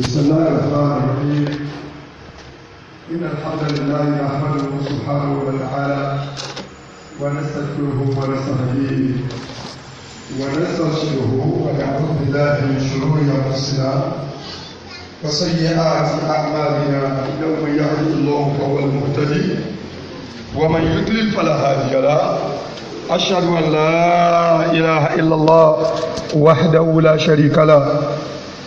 بسم الله الرحمن الرحيم إن الحمد لله نحمده سبحانه وتعالى ونستغفره ونستهديه ونسترشده ونعوذ بالله من شرور أنفسنا وسيئات أعمالنا يوم يهدي الله فهو المهتدي ومن يضلل فلا هادي له أشهد أن لا إله إلا الله وحده لا شريك له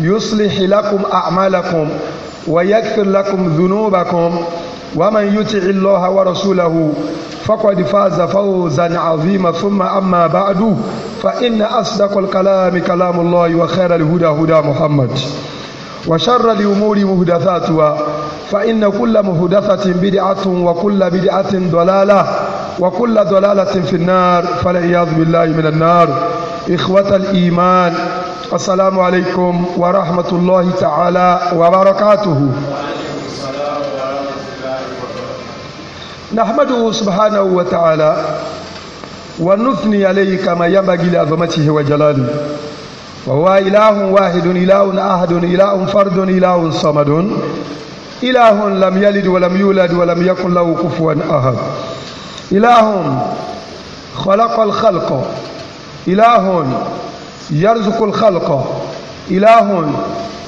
يصلح لكم أعمالكم ويغفر لكم ذنوبكم ومن يطع الله ورسوله فقد فاز فوزا عظيما ثم أما بعد فإن أصدق الكلام كلام الله وخير الهدى هدى محمد وشر الأمور مهدثاتها فإن كل مهدثة بدعة وكل بدعة ضلالة وكل ضلالة في النار فالعياذ بالله من النار إخوة الإيمان السلام عليكم ورحمة الله تعالى وبركاته نحمده سبحانه وتعالى ونثني عليه كما ينبغي لعظمته وجلاله وهو إله واحد إله أحد إله فرد إله صمد إله لم يلد ولم يولد ولم يكن له كفوا أحد إله خلق الخلق إله يرزق الخلق إله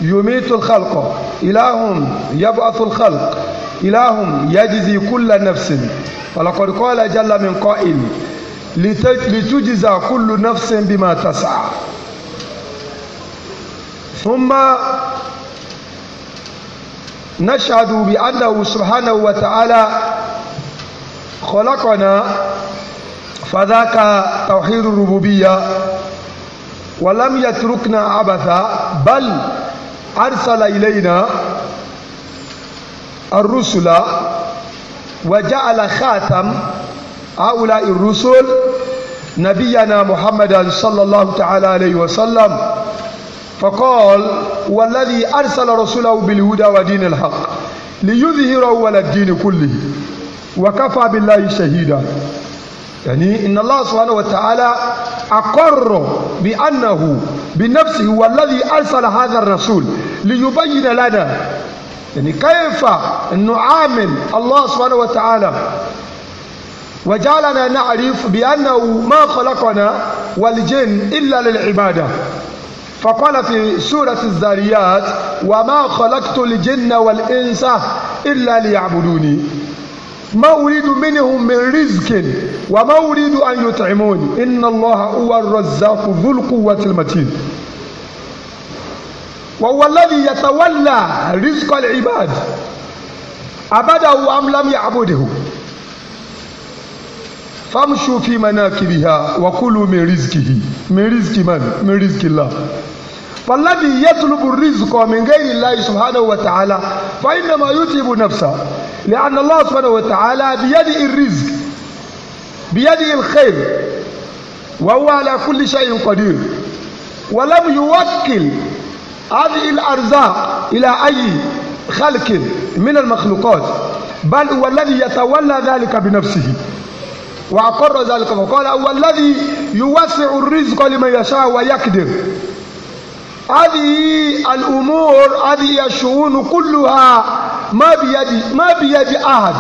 يميت الخلق إله يبعث الخلق إله يجزي كل نفس ولقد قال جل من قائل لتجزى كل نفس بما تسعى ثم نشهد بأنه سبحانه وتعالى خلقنا فذاك توحيد الربوبيه ولم يتركنا عبثا بل أرسل إلينا الرسل وجعل خاتم هؤلاء الرسل نبينا محمد صلى الله تعالى عليه وسلم فقال والذي أرسل رسوله بالهدى ودين الحق ليظهره على الدين كله وكفى بالله شهيدا يعني إن الله سبحانه وتعالى أقر بأنه بنفسه هو الذي أرسل هذا الرسول ليبين لنا يعني كيف نعامل الله سبحانه وتعالى وجعلنا نعرف بأنه ما خلقنا والجن إلا للعبادة فقال في سورة الزاريات وما خلقت الجن والإنس إلا ليعبدوني ما أريد منهم من رزق وما أريد أن يطعمون إن الله هو الرزاق ذو القوة المتين وهو الذي يتولى رزق العباد عبده أم لم يعبده فامشوا في مناكبها وكلوا من رزقه من رزق من من رزق الله فالذي يطلب الرزق من غير الله سبحانه وتعالى فإنما يتعب نفسه لأن الله سبحانه وتعالى بيده الرزق بيده الخير وهو على كل شيء قدير ولم يوكل هذه الأرزاق إلى أي خلق من المخلوقات بل هو الذي يتولى ذلك بنفسه وأقر ذلك فقال هو الذي يوسع الرزق لمن يشاء ويقدر هذه الأمور هذه الشؤون كلها ما بيد ما بيد أحد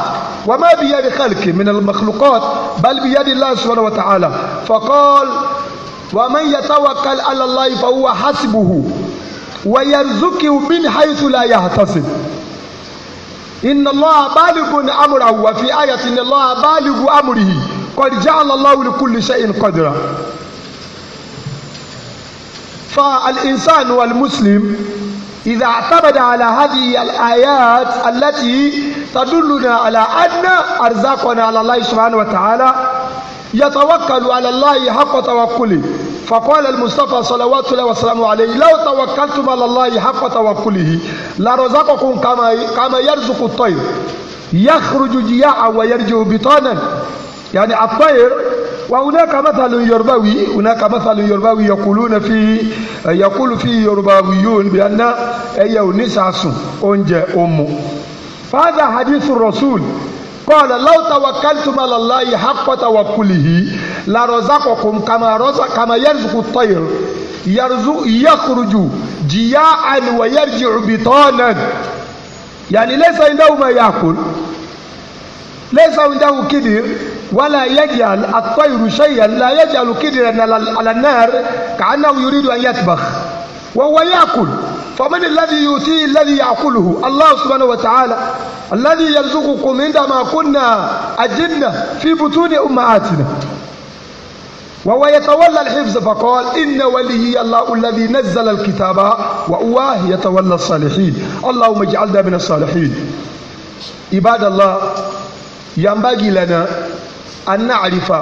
وما بيد خلق من المخلوقات بل بيد الله سبحانه وتعالى فقال ومن يتوكل على الله فهو حسبه ويرزقه من حيث لا يحتسب إن الله بالغ أمره وفي آية إن الله بالغ أمره قد جعل الله لكل شيء قدرا فالإنسان والمسلم إذا اعتمد على هذه الآيات التي تدلنا على أن أرزاقنا على الله سبحانه وتعالى يتوكل على الله حق توكله فقال المصطفى صلوات الله وسلامه عليه لو توكلتم على الله حق توكله لرزقكم كما كما يرزق الطير يخرج جياعا ويرجع بطانا يعني الطير وهناك مثل يربوي هناك مثل يربوي يقولون فيه يقول فيه يربويون بأن أي نساس أنجى أم فهذا حديث الرسول قال لو توكلتم على الله حق توكله لرزقكم كما رزق كما يرزق الطير يرزق يخرج جياعا ويرجع بطانا يعني ليس عنده ما ياكل ليس عنده كبير ولا يجعل الطير شيئا لا يجعل كدرا على النار كأنه يريد أن يطبخ وهو يأكل فمن الذي يؤتيه الذي يأكله الله سبحانه وتعالى الذي يرزقكم عندما كنا الجنه في بطون أمهاتنا وهو يتولى الحفظ فقال إن ولي الله الذي نزل الكتاب وهو يتولى الصالحين اللهم اجعلنا من الصالحين عباد الله ينبغي لنا أن نعرف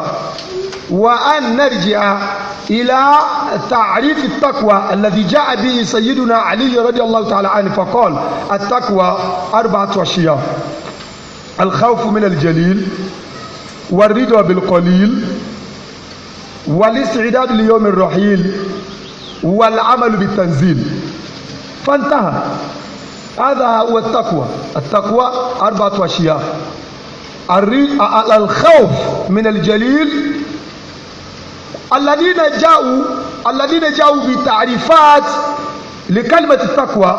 وأن نرجع إلى تعريف التقوى الذي جاء به سيدنا علي رضي الله تعالى عنه فقال التقوى أربعة أشياء الخوف من الجليل والرضا بالقليل والاستعداد ليوم الرحيل والعمل بالتنزيل فانتهى هذا هو التقوى التقوى أربعة أشياء الخوف من الجليل الذين جاءوا الذين جاءوا بتعريفات لكلمة التقوى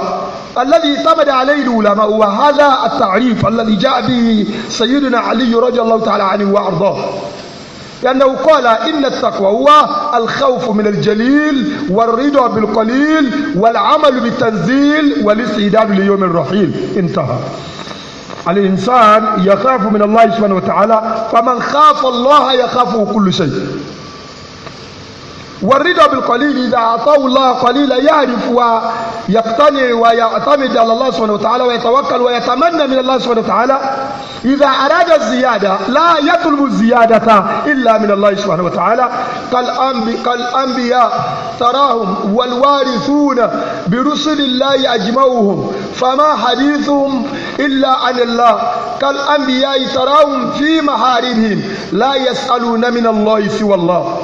الذي اعتمد عليه العلماء وهذا التعريف الذي جاء به سيدنا علي رضي الله تعالى عنه وأرضاه لأنه قال إن التقوى هو الخوف من الجليل والرضا بالقليل والعمل بالتنزيل والاستعداد ليوم الرحيل انتهى الإنسان يخاف من الله سبحانه وتعالى فمن خاف الله يخافه كل شيء والرضا بالقليل إذا أعطاه الله قليلا يعرف ويقتنع ويعتمد على الله سبحانه وتعالى ويتوكل ويتمنى من الله سبحانه وتعالى إذا أراد الزيادة لا يطلب الزيادة إلا من الله سبحانه وتعالى كالأنبياء تراهم والوارثون برسل الله أجمعهم فما حديثهم إلا عن الله كالأنبياء تراهم في محارمهم لا يسألون من الله سوى الله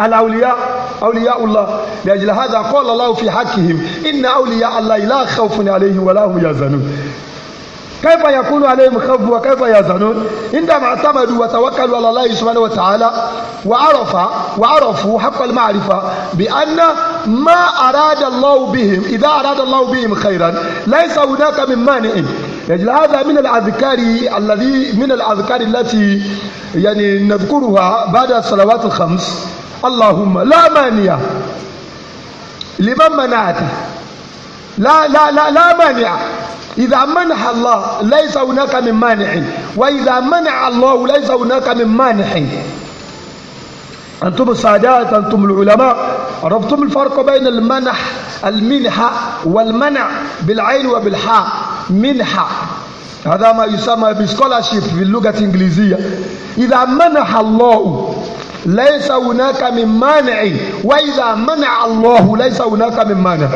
الأولياء أولياء الله لأجل هذا قال الله في حقهم إن أولياء الله لا خوف عليهم ولا هم يحزنون كيف يكون عليهم خوف وكيف يحزنون عندما اعتمدوا وتوكلوا على الله سبحانه وتعالى وعرف وعرفوا حق المعرفة بأن ما أراد الله بهم إذا أراد الله بهم خيرا ليس هناك من مانع لأجل هذا من الأذكار الذي من الأذكار التي يعني نذكرها بعد الصلوات الخمس اللهم لا مانع لمن منعته لا لا لا لا مانع إذا منح الله ليس هناك من مانع وإذا منع الله ليس هناك من مانع أنتم السادات أنتم العلماء عرفتم الفرق بين المنح المنحة والمنع بالعين وبالحاء منحة هذا ما يسمى بسكولاشيب في اللغة الإنجليزية إذا منح الله ليس هناك من مانع وإذا منع الله ليس هناك من مانع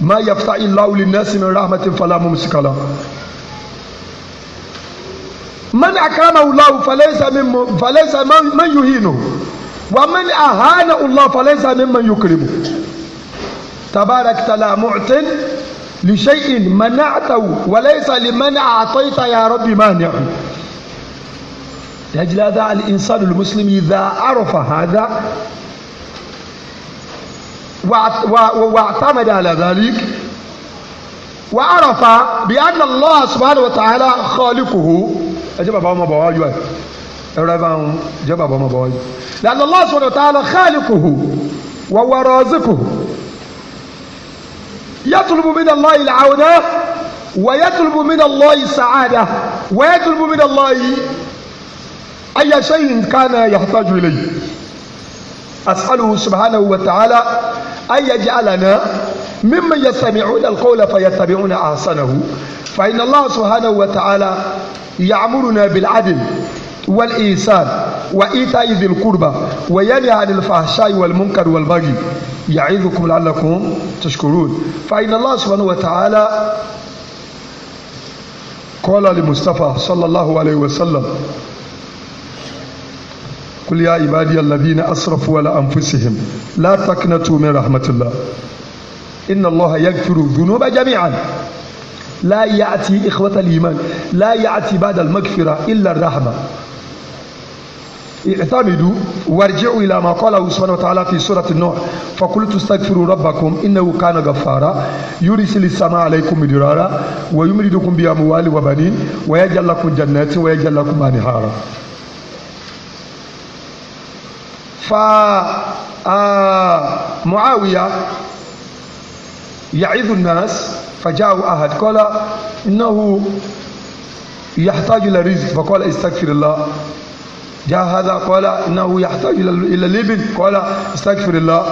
ما يفتح الله للناس من رحمة فلا ممسك له من أكرمه الله فليس من فليس من, من يهينه ومن أهانه الله فليس ممن يكرمه تبارك تلا معتن لشيء منعته وليس لمن أعطيت يا ربي مانع لأجل هذا الإنسان المسلم إذا عرف هذا واعتمد على ذلك وعرف بأن الله سبحانه وتعالى خالقه ẹjẹ́ bàbá ọmọ bọ̀wá yọ ẹ̀ ẹ̀rọ ẹ̀bá لأن الله سبحانه وتعالى خالقه ورازقه يطلب من الله العونة ويطلب من الله السعادة ويطلب من الله أي شيء كان يحتاج إليه أسأله سبحانه وتعالى أن يجعلنا ممن يستمعون القول فيتبعون أحسنه فإن الله سبحانه وتعالى يعمرنا بالعدل والإيسان وإيتاء ذي القربى وينهى عن الفحشاء والمنكر والبغي يعظكم لعلكم تشكرون فإن الله سبحانه وتعالى قال لمصطفى صلى الله عليه وسلم قل يا عبادي الذين أسرفوا على أنفسهم لا تقنطوا من رحمة الله إن الله يغفر الذنوب جميعا لا يأتي إخوة الإيمان لا يأتي بعد المغفرة إلا الرحمة اعتمدوا وارجعوا إلى ما قاله سبحانه وتعالى في سورة النوح فقلت استغفروا ربكم إنه كان غفارا يرسل السماء عليكم مدرارا ويمردكم بأموال وبنين ويجعل لكم جنات ويجعل لكم أنهارا فمعاوية يعظ الناس فجاءوا أحد قال إنه يحتاج إلى رزق فقال استغفر الله جاء هذا قال إنه يحتاج إلى اللبن قال استغفر الله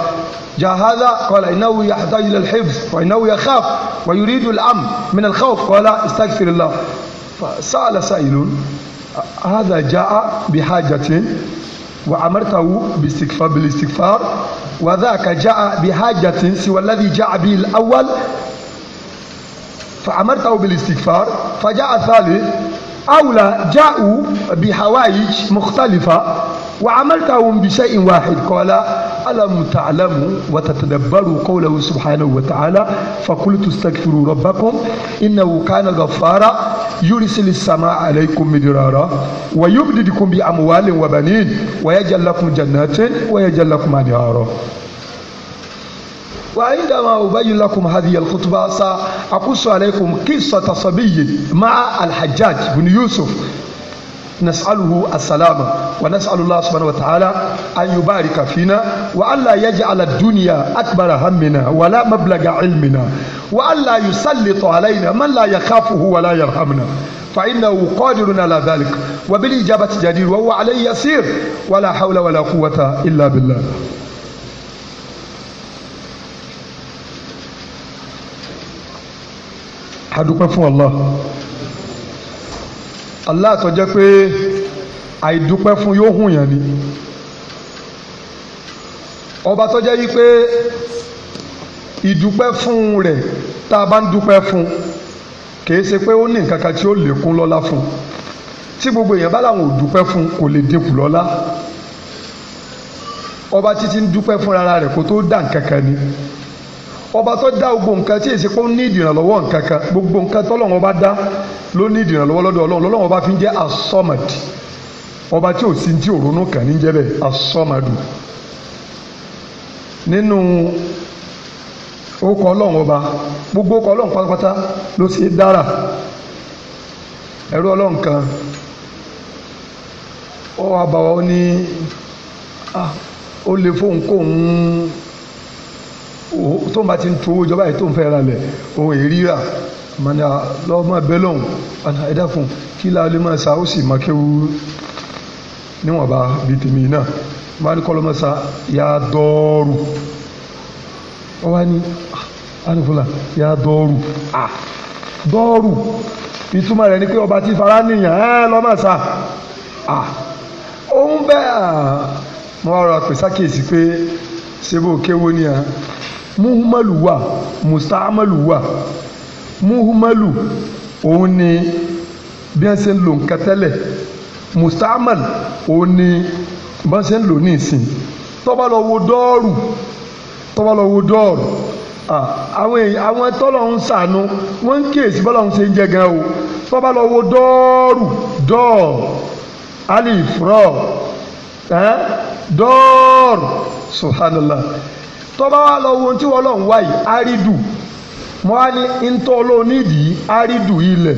جاء هذا قال إنه يحتاج إلى الحفظ وإنه يخاف ويريد الأمن من الخوف قال استغفر الله فسأل سائل هذا جاء بحاجة وأمرته بالاستغفار, بالاستغفار وذاك جاء بحاجة سوى الذي جاء به الأول فأمرته بالاستغفار فجاء ثالث أولى جاءوا بحوائج مختلفة وعملتهم بشيء واحد قال ألم تعلموا وتتدبروا قوله سبحانه وتعالى فقلت استغفروا ربكم إنه كان غفارا يرسل السماء عليكم مدرارا ويمددكم بأموال وبنين ويجعل لكم جنات ويجعل لكم أنهارا وعندما أبين لكم هذه الخطبة سأقص عليكم قصة صبي مع الحجاج بن يوسف نسأله السلامة ونسأل الله سبحانه وتعالى أن يبارك فينا وألا يجعل الدنيا أكبر همنا ولا مبلغ علمنا وألا يسلط علينا من لا يخافه ولا يرحمنا فإنه قادر على ذلك وبالإجابة جدير وهو عليه يسير ولا حول ولا قوة إلا بالله أدوكم الله Allah tó jẹ́ pé àìdúpẹ́ fún yóò hùn yàn ni ọba tó jẹ́ wípé ìdúpẹ́ fún rẹ̀ tá a bá ń dúpẹ́ fún kìí ṣe pé ó ní nǹkan kan tí ó lékún lọ́lá fún tí gbogbo èèyàn bá làwọn ò dúpẹ́ fún kò lè dínkù lọ́lá ọba títí ń dúpẹ́ fún rárá rẹ̀ kó tó dà nǹkan kan ni. ọba tó dá gbogbo nǹkan tí èsì pé ní nǹkan kan gbogbo nǹkan tọ́lọ́run ọba dá ló ní ìdìrànlọ́wọ́ lọ́dọ̀ ọlọ́run lọ́lọ́run ọba fi ń jẹ́ ọba tí ò sí tí òrónú kàn ní jẹ́ bẹ́ẹ̀ nínú orúkọ ọlọ́run gbogbo orúkọ ọlọ́run pátápátá ló dára ọlọ́run kan ọ tó ń bá ti ń tu owó ìjọba yìí tó ń fẹ́ ra lẹ̀ ohun ìríra mọ̀nà lọ́mọ ẹ̀bẹ́ lọ́hùn ọ̀nà ẹ̀dá fún kí láàlú máa sa ó sì máa kéwu níwọ̀nba bíi tèmi náà máa ní kọ́lọ́mọ́ sa yá dọ́ọ̀rù wọ́n wá ní anìfúnla yá dọ́ọ̀rù à dọ́ọ̀rù ìtumọ̀ rẹ̀ ni pé ọba ti fara nìyàn ẹ́ lọ́mọ sa à òun bẹ́ẹ̀ mo wá rọra pèsè àkíyèsí pé ṣé kéwu ni à muhumalu wà mustamalu wà muhumalu òun ni bí wọ́n ṣe ń lo nǹkan tẹ́lẹ̀ mustamal òun ni bí wọ́n ṣe ń lò ní ìsìn tó bá lọ wo dọ́ọ̀rù tó bá lọ wo dọ́ọ̀rù àwọn èèyàn àwọn tọ́lọ̀ sànú wọ́n ń kíyèsí bọ́lọ̀ ṣe ń jẹ gan o tó lọ wo dọ́ọ̀rù dọ́ọ̀ alif rọ dọ́ọ̀rù subhanallah tọ́ba wa lọ wo ohun tí wọ́n lọ ń wá yìí árídù mo wá ní ntọ́ olóòní yìí árídù ilẹ̀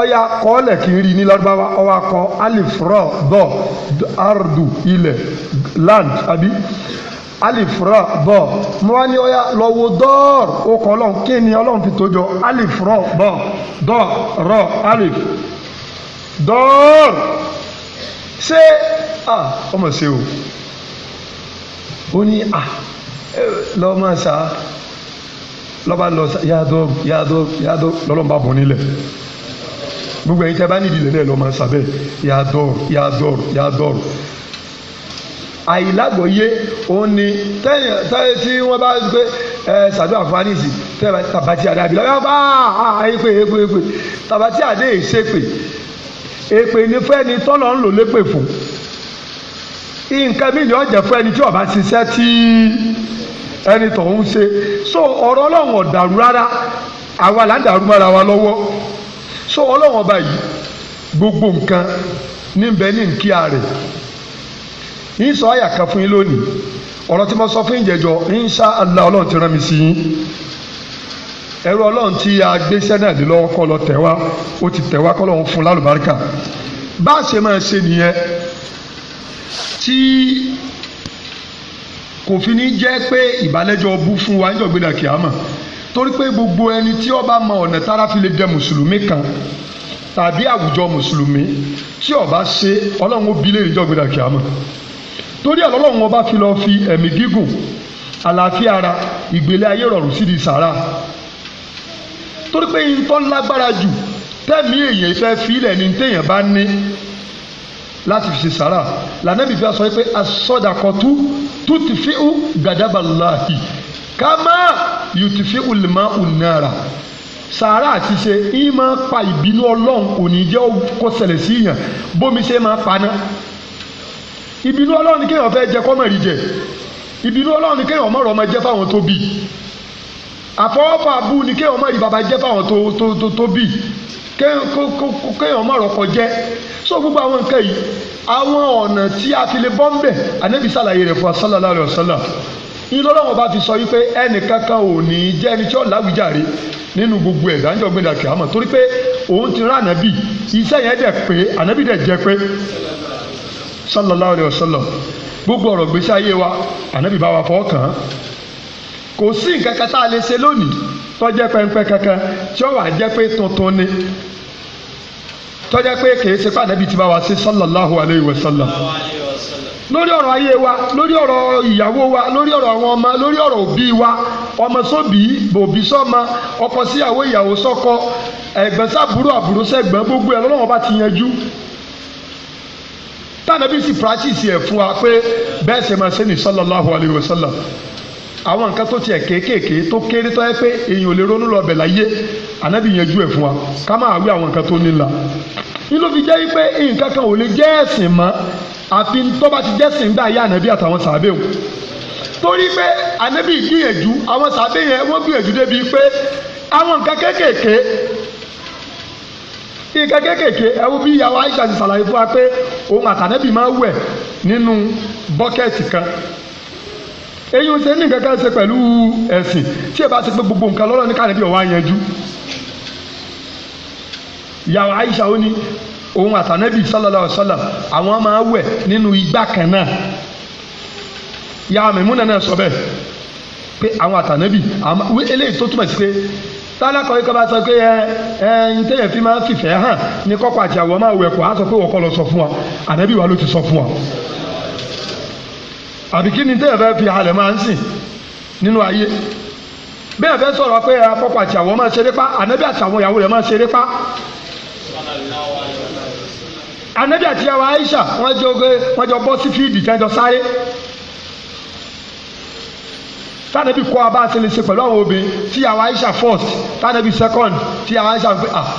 ọya kọ́ọ̀lẹ̀ kì í rí ní lọ́dúnbáwá ọwọ́ akọ alifrọ̀ bọ̀ ardu ilẹ̀ land àbí alifrọ̀ bọ̀ mo wá ní ọya lọ wo dọ́ọ̀rù okọ̀ ọlọ́run kí ni ọlọ́run fi tójọ alifrọ̀ bọ̀ dọ́ọ̀rọ̀ alif dọ́ọ̀rù ṣé ọmọ ṣe o ó ní à lọ́ọ́ máa sá lọ́ba lọ yàtọ̀ yàtọ̀ yàtọ̀ lọ́lọ́mọba bọ̀ nílẹ̀ gbogbo ẹ̀yin tẹ́ bá nídìí lẹ́lẹ́ lọ́ọ́ máa sá bẹ́ẹ̀ yàtọ̀ yàtọ̀ yàtọ̀ àìlágbọ̀yé òun ni tẹ́yìn tí wọ́n bá pé ẹ ṣàdúrà fún anisi tẹ́yìn tàbátí adé àbí lọ́wọ́ bá àìpé èpè èpè tàbátí adé èsèpè èpè ní fẹ́ni tọ́lọ́ ń lò lépè fún nǹkan mi yóò jẹ fún ẹni tí ó bá ṣiṣẹ́ tí ẹni tó ń ṣe so ọ̀rọ̀ ọlọ́run ò dàrú rárá àwa là ń dàrú mọ́ra wa lọ́wọ́ so ọlọ́run ọba yìí gbogbo nǹkan níbẹ̀ ní nkíà rẹ̀ yín sọ àyà kan fún yín lónìí ọ̀rọ̀ tí mo sọ fún ìjẹ̀jọ́ insha Allah ọlọ́run ti rán mi sí yín ẹrú ọlọ́run tí a gbéṣẹ́ náà lé lọ́wọ́ kọ́ lọ tẹ̀ wá ó ti tẹ̀ wá kọ́ lọ́run fún lálùbáríkà bá a ṣe máa ṣe nìyẹn tí kò fi ní jẹ́ pé ìbálẹ́jọ́ bú fún wa níjọ́ gbéra kìámà torí pé gbogbo ẹni tí ó bá mọ ọ̀nà tára fi lè dẹ mùsùlùmí kan tàbí àwùjọ mùsùlùmí tí ó bá ṣe ọlọ́run ó bi léèrè níjọ́ gbéra kìámà torí ẹ̀ lọ́lọ́run ọba fi lọ́ọ́ fi ẹ̀mí gígùn àlàáfíà ara ìgbélé ayé rọrùn sí di sàrà torí pé ìtọ́ lágbára jù tẹ́mi èèyàn fẹ́ fi ilẹ̀ ní téèyàn bá ní láti fi ṣe sàrà lànàbí fi sọ pé asọ́dàkọ̀tú tutifiu gàdábàláhì kámá yutifiu lèmọ́ ònàrà sàrà àti ṣe ń máa pa ìbínú ọlọ́run kò ní jẹ́ kó ṣẹlẹ̀ sí yàn bómi ṣe máa paná ìbínú ọlọ́run kéèyàn fẹ́ jẹ kọ́mọ̀ rí jẹ ìbínú ọlọ́run kéèyàn mọ̀rọ̀ ọmọ jẹ́ fáwọn tó bí àfọwọ́fà bú ni kéèyàn mọ̀ rí bàbá jẹ́ fáwọn tó bí kéèyàn má rọkọ jẹ so gbogbo àwọn nǹkan yìí àwọn ọ̀nà tí a fi lè bọ́ ń bẹ̀ ànábì sàlàyé rẹ̀ fún sallallahu alaihi wasallam ìlọ́lọ́wọ́n bá fi sọ wípé ẹnìkankan ò ní jẹ́ ẹni tí ó láwùjáre nínú gbogbo ẹ̀dá níjọ́ gbẹ̀dà kìámọ̀ torí pé òun ti rán ànábì iṣẹ́ yẹn dẹ̀ pé ànábì dẹ̀ jẹ́ pé sallallahu alayhi wa sallam gbogbo ọ̀rọ̀ gbèsè ayé wa ànábì bá wa fọ́ kàn án kò sí nǹkan kan tá a lè ṣe lónìí tọ́jẹ́ pẹ́ńpẹ́ kankan tí ó wà jẹ́ pé tuntun ni tọ́jẹ́ pé kìí ṣe pé ànábì ti bá wa ṣe sallallahu alayhi wa sallam lórí ọ̀rọ̀ ayé wa lórí ọ̀rọ̀ ìyàwó wa lórí ọ̀rọ̀ àwọn ọmọ lórí ọ̀rọ̀ òbí wa ọmọ sóbì bòbí sọ́mọ ọkọ síyàwó ìyàwó sọ́kọ ẹ̀gbọ́n sábúrò àbúrò sẹ́gbọ́n gbogbo ẹ̀ lọ́wọ́ bá ti yanjú tànàbí sì practice ẹ̀ fún wa pé bẹ́ẹ̀ ṣe máa ṣe ní sallallahu alayhi wa sallam àwọn nǹkan tó tiẹ̀ kéékèèké tó kéré tó yẹ pé èèyàn ò lè ronú lọ bẹ̀ láyé ànábì yanjú ẹ̀ fún wa ká máa wí àwọn nǹkan tó nílà nílò fi jẹ́ wípé nǹkan kan ò lè jẹ́ ẹ̀sìn mọ́ àfi tó bá ti jẹ́sìn gbà yá ànábì àtàwọn sàbẹ̀ wò torí pé ànábì gbìyànjú àwọn sàbẹ̀ yẹn wọ́n gbìyànjú débi pé àwọn nǹkan kéékèèké nǹkan kéékèèké ẹ̀wù bí ìyàwó Aisha fún wa pé òun àtànábì máa wẹ̀ nínú bọ́kẹ́ẹ̀tì kan èyí ń ṣe ní nǹkan kan ṣe pẹ̀lú ẹ̀sìn tí ẹ bá ṣe pé gbogbo nǹkan lọ́rọ̀ ní kàlẹ́ bí ọ̀wá yanjú. ìyàwó Aisha ó ní òun àtànẹ́bì sallallahu alaihi wasallam àwọn máa wẹ̀ nínú igbá kan náà ìyàwó Maimuna náà sọ bẹ́ẹ̀ pé àwọn àtànẹ́bì eléyìí tó túmọ̀ sí pé tálákọ̀ yìí kọ́ sọ pé ẹ ẹ ń tẹ̀yẹ̀ fi máa ń hàn ní kọ́kọ́ àti àwọ̀ máa wẹ̀ kọ́ á sọ pé wọ́n lọ sọ fún wa ànẹ́bì wa ló ti sọ fún wa àbí kí ni tẹ́ ẹ̀ fẹ́ fi halẹ̀ máa ń sìn nínú ayé bẹ́ẹ̀ fẹ́ sọ̀rọ̀ pé afọ́pọ̀ àti àwọn máa ṣeré pa ànábì àti àwọn ìyàwó rẹ̀ máa ṣeré pa ànábì àti ìyàwó Aisha wọ́n jọ wọ́n jọ bọ́ sí fíìdì tí wọ́n jọ sáré tànàbí kọ́ abá ṣe lè ṣe pẹ̀lú àwọn obìnrin tí ìyàwó Aisha first tànàbí second tí ìyàwó Aisha ah,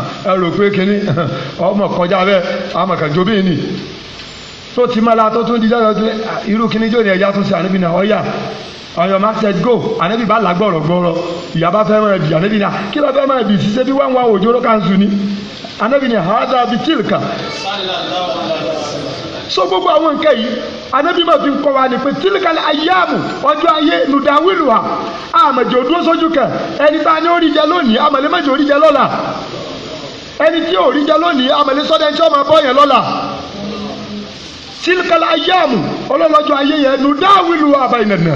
ẹ rò pé kínní ọmọ kọjá bẹ́ẹ̀ àmọ̀kànjọ́ ni so ti máa la tó tún di dáadáa tó irú kíní jò ní ẹja tó ṣe ànábì náà ọ̀yà ọ̀yọ̀ máa ṣe go ànábì bá là gbọ̀rọ̀ gbọ̀rọ̀ ìyá bá fẹ́ máa bì ànábì náà kí ló fẹ́ máa bì ṣiṣẹ́ bí wọ́n ń wá òjò ló kàn sùn ni ànábì náà hàdà bí tìlkà. so gbogbo àwọn nǹkan yìí ànábì máa fi kọ́ wa ni pé tìlkà ayáàmù ọjọ́ ayé nùdáwìlù wa àmọ̀jò dúró sójú kan ẹni tá a ní orí jẹ lónìí àmọ̀lẹ́mọ̀jò orí jẹ lọ́la ẹni tí ò rí jẹ lónìí àmọ̀lẹ́sọ́dẹ̀ tí ọmọ bọ́ tilkala ayamu ọlọ́lọ́jọ́ ayé yẹn nu dáwìlú abayinana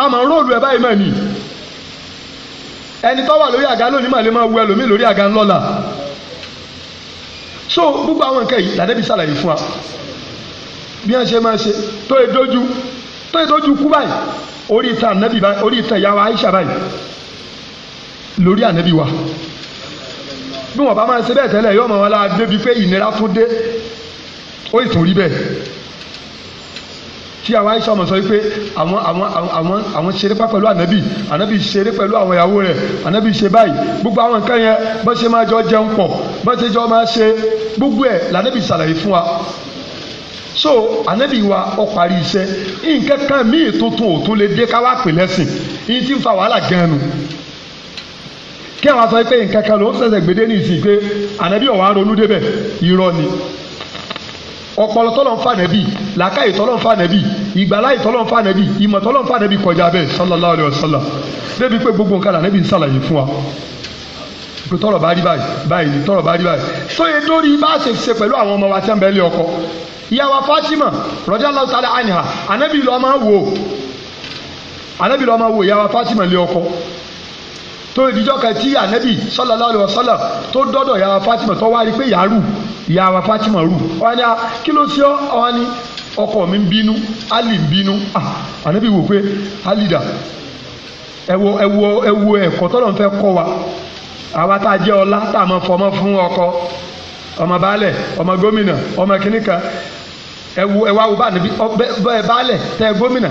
a máa ń róòlù ẹ̀ báyìí máa ní ẹni tó wà lórí àga lónìí màá lè máa wú ẹlòmíì lórí àga ńlọ́la so gbogbo àwọn nǹkan yìí làdẹ́bí sàlàyé fún wa bí wọ́n ṣe máa ṣe tó yẹ dójú tó yẹ dójú kú báyìí orí ìtàn ànábì báyìí orí ìtàn ìyá wa Aisha báyìí lórí ànábì wa bí wọ́n bá máa ṣe bẹ́ẹ̀ tẹ́lẹ̀ yóò máa wọn lára débi pé ìnira fún dé ó sì tún rí bẹ́ẹ̀ tí àwọn aisha ọmọ sọ wípé àwọn àwọn àwọn àwọn ṣeré pa pẹ̀lú ànábì ànábì ṣeré pẹ̀lú àwọn ìyàwó rẹ̀ ànábì ṣe báyìí gbogbo àwọn nǹkan yẹn bó ṣe máa jọ jẹun pọ̀ bó ṣe jọ máa ṣe gbogbo ẹ̀ lànábì ṣàlàyé fún wa so ànábì wa ó parí iṣẹ́ nǹkan kan míì tuntun ò tún lè dé ká wá pè lẹ́sìn yìí ti ń fa wàhálà gan-an nù kí àwọn sọ pé nǹkan kan ló ń ṣẹ̀ṣẹ̀ gbédé ní ìsìn pé ànábì ọ̀wá ronú débẹ̀ irọ́ ni ọpọlọ tọ́lọ̀ ń fa nàbí làákàyè tọ́lọ̀ ń fa nàbí ìgbàláyè tọ́lọ̀ ń fa nàbí ìmọ̀ tọ́lọ̀ ń fa nàbí kọjá bẹ́ẹ̀ sallallahu alayhi wa sallam débi pé gbogbo nǹkan lànàbí ń sàlàyé fún wa pé tọ́rọ̀ bá rí báyìí báyìí tọ́rọ̀ bá rí báyìí sóye lórí bá a ṣe ṣe pẹ̀lú àwọn ọmọ wa tí wọ́n bẹ lé ọkọ ìyàwó Fatima radiyallahu ta'ala anha ànábì lọ́ọ́ máa wò ànábì lọ́ọ́ máa wò ìyàwó Fatima lé ọkọ tó ìdíjọ́ kan tí ànábì sallallahu alaihi wasallam tó dọ́dọ̀ ìyá wa Fatima tó wá rí pé ìyá rù wa Fatima rù kí ló ṣe ọ́ ọkọ mi ń bínú Ali ń bínú anabi wò pé wa àwa tá a jẹ́ ọlá fún ọkọ ọmọ baálẹ̀ ọmọ gómìnà ọmọ kìnnìkan bá baálẹ̀ tẹ gómìnà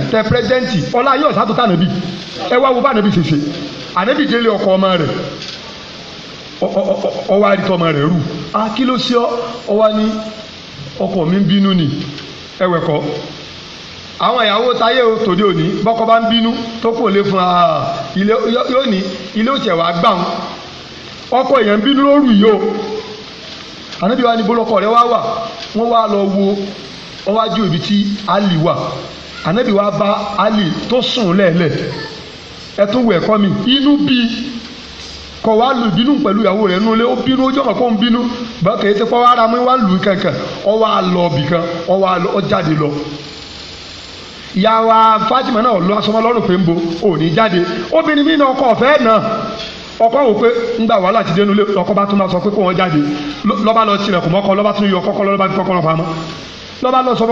ànábì délé ọkọ ọmọ rẹ̀ ọwọ́ àdìtọ́ ọmọ rẹ̀ rù á kí ló ṣe ọwọ́ ní ọkọ mi ń bínú ni ẹwẹ̀ kọ́ àwọn ìyàwó táyé o tòde òní bọ́kọ bá ń bínú tó kò lè fún ilé yóò ní ilé òtẹ̀ wàá gbà wọn ọkọ èèyàn bínú lóru yìí o ànábì wa ní bólọkọ rẹ wá wà wọn wá lọ wo ọwájú ibi tí Ali wà ànábì wa bá Ali tó sùn lẹ́ẹ̀lẹ́ẹ̀ ẹ tún wọ mi inú bí kọ wá lu ìbínú pẹ̀lú ìyàwó rẹ̀ nulẹ̀ ó bínú ojú ọ̀nà kó ń bínú bá wá ra wá lù kankan ọ wá lọ bì kan ọ wa Fatima náà lọ asọmọ lọ́rùn pé ń bo òní jáde obìnrin mi ọkọ ọ̀fẹ́ náà ọkọ wò pé ńgbà dénú lé ọkọ bá tún máa sọ pé wọn jáde lọ tilẹ̀ mọ́kọ tún yọ kọ́kọ́ tún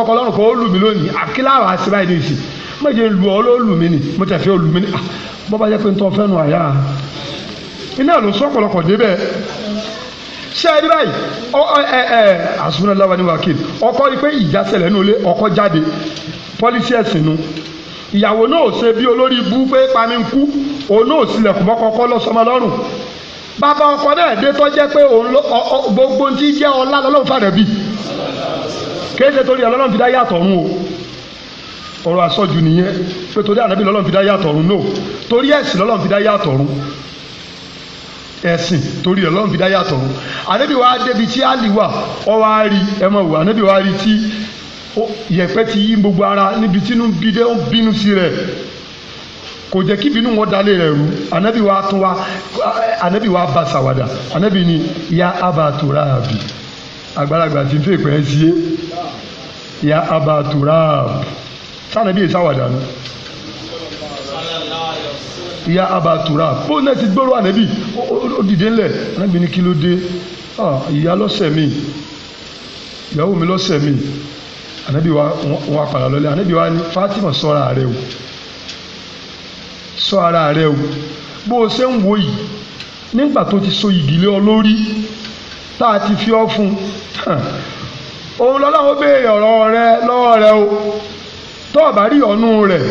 kọ́kọ́ méje lu ọ ló lù mí ni mo tẹ̀ fẹ́ lù mí ni ah, bọ́ba yẹ pé ń tọ́ fẹ́nu àyà iná ló sọ ọ̀pọ̀lọpọ̀ débẹ̀ ṣé ẹ rí báyìí ọ ẹ ẹ àsúnláwà ni wákìlì ọkọ rí pé ìjà ṣẹlẹ̀ nínú ilé ọkọ jáde pọ́lísì ẹ̀sìn nu ìyàwó náà ṣe bí olórí ibú pé pami ń kú òun náà sílẹ̀kùn mọ́kọ́kọ́ lọ́sọmọ lọ́rùn bàbá ọkọ náà dé tó jẹ́ pé gbogbo ti jẹ́ ọlá lọ́lọ́run fàrẹ̀ bí kéde torí ọlọ́run fi dá yàtọ̀ ọ̀run o ọ̀rọ̀ àsọjù nìyẹn pé torí ànábì lọ́lọ́run fi dá yàtọ̀ ọ̀run náà torí ẹ̀sìn lọ́lọ́run fi dá yàtọ̀ ọ̀run ẹ̀sìn torí ẹ̀ lọ́run fi dá yàtọ̀ ọ̀run ànábì wa débi tí àlì wà ọ wá rí ẹ mọ̀ wò ànábì wa rí tí yẹ̀pẹ̀ ti yí gbogbo ara níbi tínú bídé ó bínú sí rẹ̀ kò jẹ́ kí bínú wọn dalẹ̀ rẹ̀ rú ànábì wa tún wa ànábì wa bá sàwádà ànábì ni ya abaturabi àgbàlagbà ti ń fèpẹ́ sí ya abaturabi sànàbí ìsáwàdà ni ìyá abatura bóun náà ti gbọ́rọ̀ ànábì ó dìde ńlẹ̀ ànábì ní kí ló dé ìyá lọ́sẹ̀ mi ìyàwó mi lọ́sẹ̀ mi ànábì wa wọn apàlà lọlé ànábì wa ní Fatima sọ ara rẹ o sọ ara rẹ o bó o ṣe ń wo yìí nígbà tó ti so ìdílé ọ tá a ti fi ọ fún un òun lọ́lọ́wọ́ béèrè ọ̀rọ̀ rẹ lọ́wọ́ rẹ o tó o bá rí ọ̀nù rẹ̀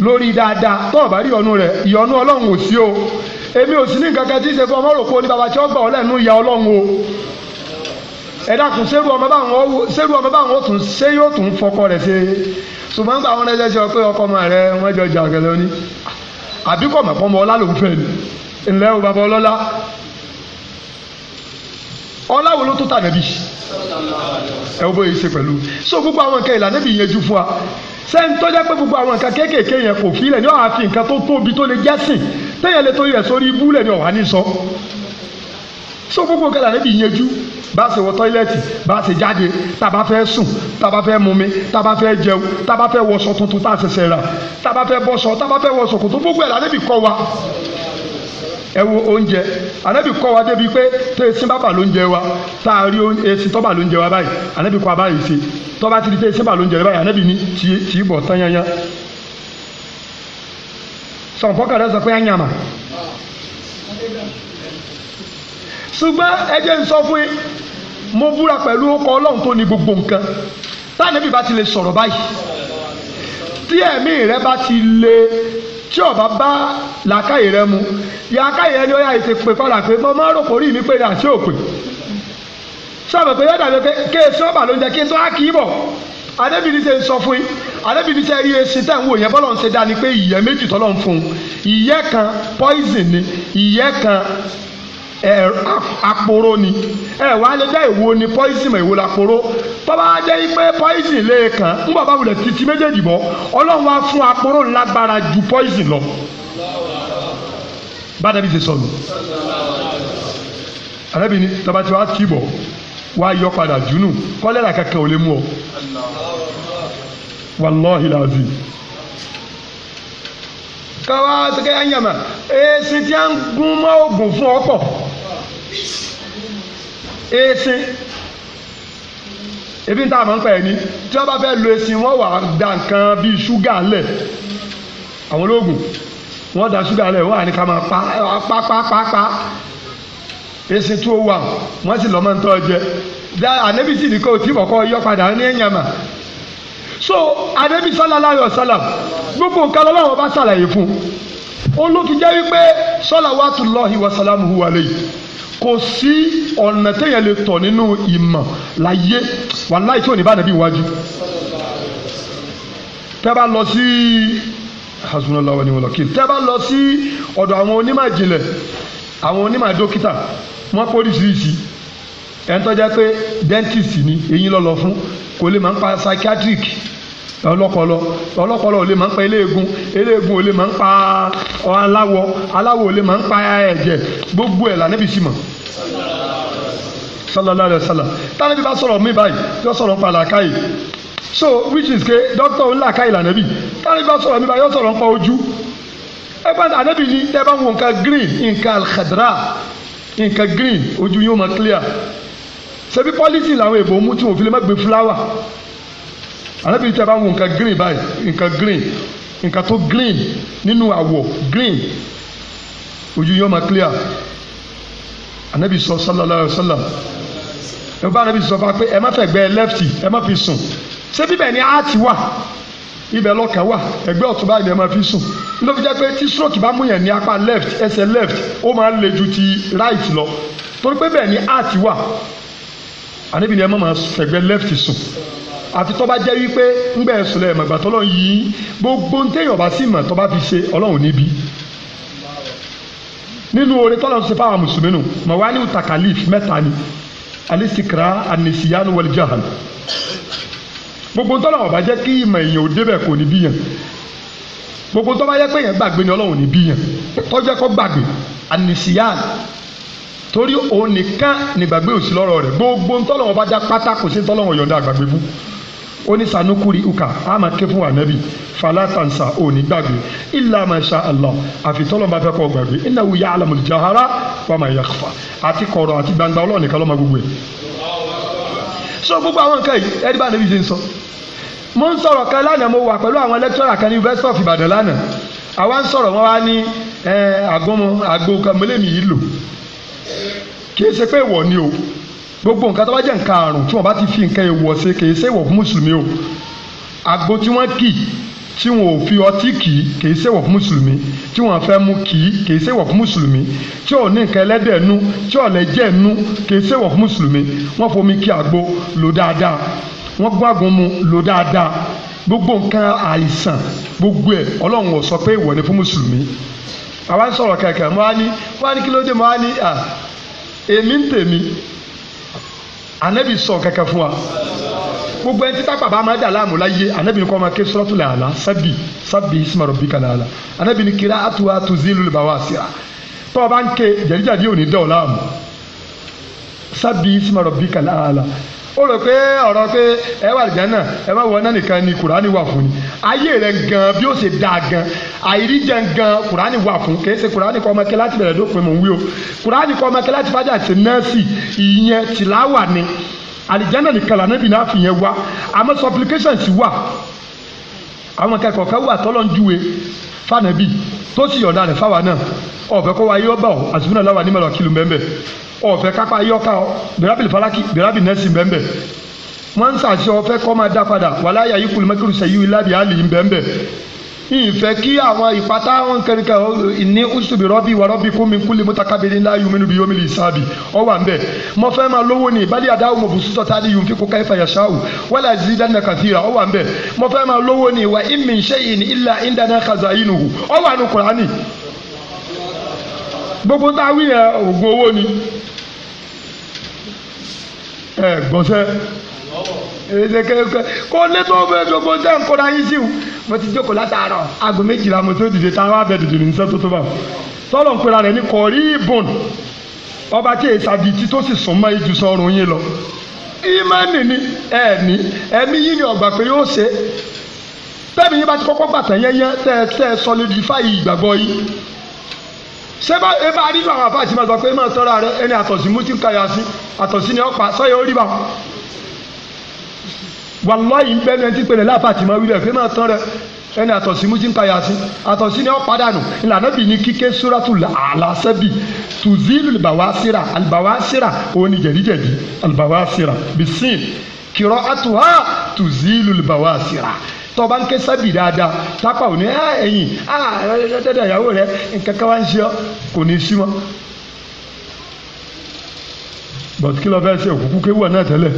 lórí dáadáa tó o bá rí ọ̀nù rẹ̀ ìyọnu ọlọ́run ò sí o èmi ò sí ní nǹkan kan tí ń ṣe fún ọmọ rò pé ó ní bàbá tí ó gbà ọ́ lẹ́nu ìyá ọlọ́run o ẹ dákun sẹ́rù ọmọ báwọn ó tún ṣé yóò tún fọkọ rẹ̀ ṣe ṣùgbọ́n nígbà wọn lẹ́sẹ̀ sọ pé ọkọ ọmọ rẹ̀ wọ́n jọ jà gẹ̀lẹ́ ní àbíkọ̀ mọ̀pọ̀ ọláwo ló tó tà nàbí ẹ wo bóyá ṣe pẹ̀lú so gbogbo àwọn nǹkan ìlànà bí yẹjú fún wa sẹ́ni tó jẹ́ pé gbogbo àwọn nǹkan kéékèèké yẹn kò fi lẹ̀ ní ọ̀hà fi nǹkan tó tóbi tó lè jẹ́sìn téèyàn lè torí rẹ̀ sórí ibú lẹ̀ ní ọ̀hà ní sọ so gbogbo nǹkan ìlànà bí yẹjú bá ṣe wọ tọ́ílẹ̀tì bá ṣe jáde tá a bá fẹ́ sùn tá a bá fẹ́ mumi tá a bá fẹ́ jẹun tá a bá fẹ́ wọṣọ tuntun tá a ṣẹ̀ṣẹ̀ rà tá a bá fẹ́ bọ́ṣọ tá a bá fẹ́ wọṣọ kò tó gbogbo ẹ̀ lànà bí kọ́ wa ẹ wo oúnjẹ ànábì kọ́ wa débi pé tó esin bá lóúnjẹ wa tá a rí esin tó bà lóúnjẹ wa báyìí ànábì kọ́ wa báyìí ṣe tó bá ti di tó esin bà lóúnjẹ wa báyìí ànábì ní tì tì í bọ̀ tán yanyan sọ̀npọ́kà rẹ sọ pé yàn yàmà ṣùgbọ́n ẹ jẹ́ n sọ fún yín mo búra pẹ̀lú ọkọ̀ ọlọ́run tó ní gbogbo nǹkan táànẹ́bì bá ti lè sọ̀rọ̀ báyìí tí ẹ̀mí rẹ bá ti lè tí ọba bá làákàyè rẹ mu làákàyè rẹ ni ó yà ètè pè padà pé mo máa ń rò pórí mi pé ní àti òpè sọ̀rọ̀ pé yóò dàbí pé kéésì ọba ló ń jẹ kí n tó á kì í bọ̀ adébìnrin ṣe ń sọ fún yín adébìnrin ṣe rí esi tẹ̀ ń wò yẹn bọ́lọ̀ ń ṣe dá pé ìyẹ́ méjì tọ́lọ̀ ń fún un ìyẹ́ kan poison ni ìyẹ́ kan ẹ aporo ni ẹ wà á lè ìwo ni poison ìwo la poro tọ́ba jẹ́ pé poison lè kàn ń bọ̀ bá wulẹ̀ títí méjèèjì bọ̀ ọlọ́run wa fún aporo lágbára ju poison lọ bàdàbí ti sọnù àrẹ́bí ni tọ́ba ti wá kí bọ̀ wá yọ padà jùnú kọ́lẹ́rà kankan ò lè mú ọ wàlọ́hìlàzì káwá sẹ́kẹ́ ẹ̀yàmà èsì tí a ń gún mọ́ oògùn fún ọ̀pọ̀ èsì ebi tá a máa ń pẹ̀ ní tí wọ́n bá fẹ́ lo èsì wọ́n wà da nǹkan bíi ṣúgà lẹ̀ àwọn olóògùn wọ́n da ṣúgà lẹ̀ wọ́n wà ní ká máa pa pa pa pa pa èsì tó wà wọ́n sì lọ́ máa ń tọ́ jẹ ànábì sì ní kó o tí kọ́kọ́ yọ padà ní ẹ̀yàmà so anabi sallallahu alayhi wa sallam gbogbo nǹkan lọ́wọ́ bá ṣàlàyé fún un ló fi jẹ́ wípé salawatullahi wa salamuhu alayhi kò sí ọ̀nà téèyàn lè tọ̀ nínú ìmọ̀ láyé wàláhì tí ò ní bá nàbí iwájú tẹ́ bá lọ sí hasbunallahu wa ni'mal wakil tẹ́ bá lọ sí ọ̀dọ̀ àwọn onímọ̀ ìjìnlẹ̀ àwọn onímọ̀ dókítà wọ́n pọ́lísìísì ẹni tó jẹ́ pé dentist ni eyín lọ́lọ́ fún kò lè máa ń pa psychiatric ọlọ́pọlọ ọlọ́pọlọ ò lè máa ń pa eléegun eléegun ò lè máa ń pa aláwọ̀ aláwọ̀ ò lè máa ń pa ẹ̀jẹ̀ gbogbo ẹ̀ lànà bìí mọ̀ sallallahu alayhi wa sallam tani bá sọ̀rọ̀ mi báyìí yóò sọ̀rọ̀ nípa làákàyè so which is ke doctor ńlàkàyè lànàbì tani bí bá sọ̀rọ̀ mi báyìí yóò sọ̀rọ̀ nípa ojú ẹ bá ànábì ní ẹ bá ń wo nǹkan green nǹkan alhadra nǹkan green ojú yóò máa clear ṣebí pọ́lísì làwọn èèbò mú tí wọ́n fi lè má gbé fúláwà arábìnrin tí a bá wo nǹkan green báyìí nǹkan green nǹkan tó green nínú àwọ̀ green ojú yóò máa clear anabi sọ sallallahu alayhi wa sallam ẹ bá anabi sọ fún wa pé ẹ má fẹ́ gbẹ́ left ẹ má fi sùn ṣé bíbẹ̀ ni áàtì wà ibẹ̀ lọ́kàn wà ẹgbẹ́ ọ̀tún báyìí ni ẹ máa fi sùn ló fi pé tí stroke bá mú yẹn ní apá left ẹsẹ̀ left ó máa ń le ju ti right lọ torí pé bẹ́ẹ̀ ni áàtì wà àníbi ni ẹ má máa fẹ̀gbẹ́ lẹ́fì sùn àfi tọ́ba jẹ́ wípé ńgbẹ́ ẹ̀sùn lẹ́yìn mọ̀gbà tọ́lọ́ yìí gbogbo ntẹ́yìn ọba sì mọ̀ tọ́ba fi ṣe ọlọ́run níbi nínú oore tọ́lọ́ ṣe fáwọn mùsùlùmí nù mọ̀ wá ní utakalif mẹ́ta ni alisikra anisiyanu walijahan gbogbo ntọ́lọ́ ọba jẹ́ kí ìmọ̀ èèyàn ò débẹ̀ kò ní bíyàn gbogbo tọ́ba yẹ pé èèyàn gbàgbé ni ọlọ́run ní bíyàn tọ́jẹ́ kọ́ torí òun nìkan nígbàgbé òsì lọ́rọ̀ rẹ̀ gbogbo ntọ́lọ́wọ́n bá já pátá kò sí ntọ́lọ́wọ́n yọ̀ǹda àgbàgbé fún ó ní sanukuri uka a máa ké fún anabi falatansa ò gbàgbé illa ma sha Allah àfi tọ́lọ́wọ́n bá fẹ́ kọ́ gbàgbé innahu ya'lamul jahara wa ma yakhfa àti kọ̀rọ̀ àti gbangba Ọlọ́run nìkan ló gbogbo ẹ̀. so gbogbo àwọn nǹkan yìí ẹ̀rí bá anabi ṣe ń sọ mo ń sọ̀rọ̀ kan lánàá mo wà pẹ̀lú àwọn lẹ́kítọ́rà kan University of Ibadan lánàá àwa ń sọ̀rọ̀ wọn wá ní àgọ́mọ àgbo kan mọ́lẹ́mì yìí lò kì í ṣe pé ìwọ ni o gbogbo nǹkan tó bá jẹ́ nǹkan àrùn tí wọ́n bá ti fi nǹkan èèwọ̀ ṣe kì í ṣe ìwọ̀ fún mùsùlùmí o àgbo tí wọ́n kì tí wọn ò fi ọtí kì í kì í ṣèwọ̀ fún mùsùlùmí tí wọ́n fẹ́ mu kì í kì í ṣèwọ̀ fún mùsùlùmí tí ò ní nǹkan ẹlẹ́dẹ̀ nú tí ò lẹ́jẹ̀ nú kì í ṣèwọ̀ fún mùsùlùmí wọ́n fomi kí àgbo lò dáadáa wọ́n gbàgùn mu lò dáadáa gbogbo nǹkan àìsàn gbogbo ẹ̀ ọlọ́run ò sọ pé ìwọ ni fún mùsùlùmí àwa ń sọ̀rọ̀ kẹ̀kẹ́ mo wá ní wá ní kí ló dé mo wá ní èmi ń tèmi ànábì sọ kankan fún wa gbogbo ẹni títà bàbá máa dà láàmú láyé ànábì ní kọ́ máa ké suratul àlá sábì sábì isma rabbikal àlá ànábì ní kíra àtúwà tó zílù bàwá síra tọ́ ọ bá ń ké jẹ̀díjàdí ò dẹ̀ ọ́ láàmú sábì isma rabbikal àlá ó rò pé ọ̀rọ̀ pé ẹ wà lìjẹ́ náà ẹ bá wọ náà nìkan ni kùránì wà fún ni ayé rẹ gan bí ó ṣe dáa gan àìríjẹ gan kùránì wà fún kì í ṣe kùránì kọ́ ọmọkẹ́ láti bẹ̀rẹ̀ dópin mò ń wí o kùránì kọ́ ọmọkẹ́ láti fájà sí nọ́ọ̀sì ìyẹn tìláwà ni àlìjánà nìkan lànà ìbí náà fìyẹn wá àmọ́ supplications wà àwọn kẹ́kọ̀ọ́ kan wà tọ́lọ́ ń júwe fànàbí tó sì yọ̀ǹda rẹ̀ fáwa náà ọ̀fẹ́ kọ́ wa yóò bá àsìkò náà láwa nímọ̀ lọ́ọ́ ọ̀fẹ́ kápá yọ́ká ọ bẹ̀rẹ̀bì falaki bẹ̀rẹ̀bì nẹ́ẹ̀sì bẹ́ẹ̀ wọ́n ń sàṣẹ ọ̀fẹ́ kọ́ máa dá padà wàlá yàyí kùlù mẹ́kìrù sẹ́yìn ìlàbí àlì bẹ́ẹ̀ ìfẹ́ kí àwọn ìpátá wọn kẹrìnkẹ ní usubi rọ́bì wà rọ́bì kún mi kún ńlá yìí mẹ́nu bí yomi lè sábì ọ wà ń bẹ̀ mọ fẹ́ máa lówó ni ìbálẹ̀ àdáwò mọ̀ bùsùn sọ̀tà ni yòó fi kó káyìfà yàṣà o wàlà zi dáná kàfíra ọ wà ń mọ fẹ́ máa lówó ni wà ìmì ṣẹ́yìn ilà ìdáná kàzá yìí nù ọ wà nù kùránì gbogbo ń ta wí yẹn oògùn owó ni ẹ gbọ́nsẹ́ kó lé tó bẹ gbogbo ń tẹ́ ń kóra yín sí o mo ti jókòó látàárọ̀ aago méjìlá mo tó dìde tá a wá bẹ dìde ní sẹ́ tó tó bá sọ́lọ̀ ń pera rẹ̀ ní kọ̀rí bùn ọba tí èsì àgìtì tó sì sún mọ́ ìjù sọ́run yín lọ ìmánì ni ẹ̀mí ẹ̀mí yín ni ọ̀gbà pé yóò ṣe tẹ́mi yín bá ti kọ́kọ́ gbàtàn yẹ́yẹ́ tẹ́ ẹ solidify ìgbàgbọ́ yín ṣé bá ẹ bá rí báwọn àfáà tí ma sọ pé máa sọ́ra rẹ ẹni àtọ̀sí mú tí kàyà sí àtọ̀sí ni ọ̀pá sọ́yẹ ó rí báwọn. wàlọ́yìn bẹ́ẹ̀ ni ti pèlè láàfáà tí ma wí rẹ̀ pé máa tán rẹ ẹni àtọ̀sí mú tí kàyà sí àtọ̀sí ni ọ̀pá dànù ìlànà bì ní kíké súrátù àlàsẹ́bì tùzílù àlùbáwásíra àlùbáwásíra òun ni jẹ̀díjẹ̀dí àlùbáwásíra bìsín kìrọ̀ àtùhá tùzílù àlùbáwásíra tọba ń ké sábì dáadáa tápà ò ní ẹ̀yìn dẹ́dẹ́ ìyàwó rẹ nǹkan kan wá ń ṣe ọ kò ní í sí mọ́. but kí ló fẹ́ ṣe òkúkú kéwù náà tẹ́lẹ̀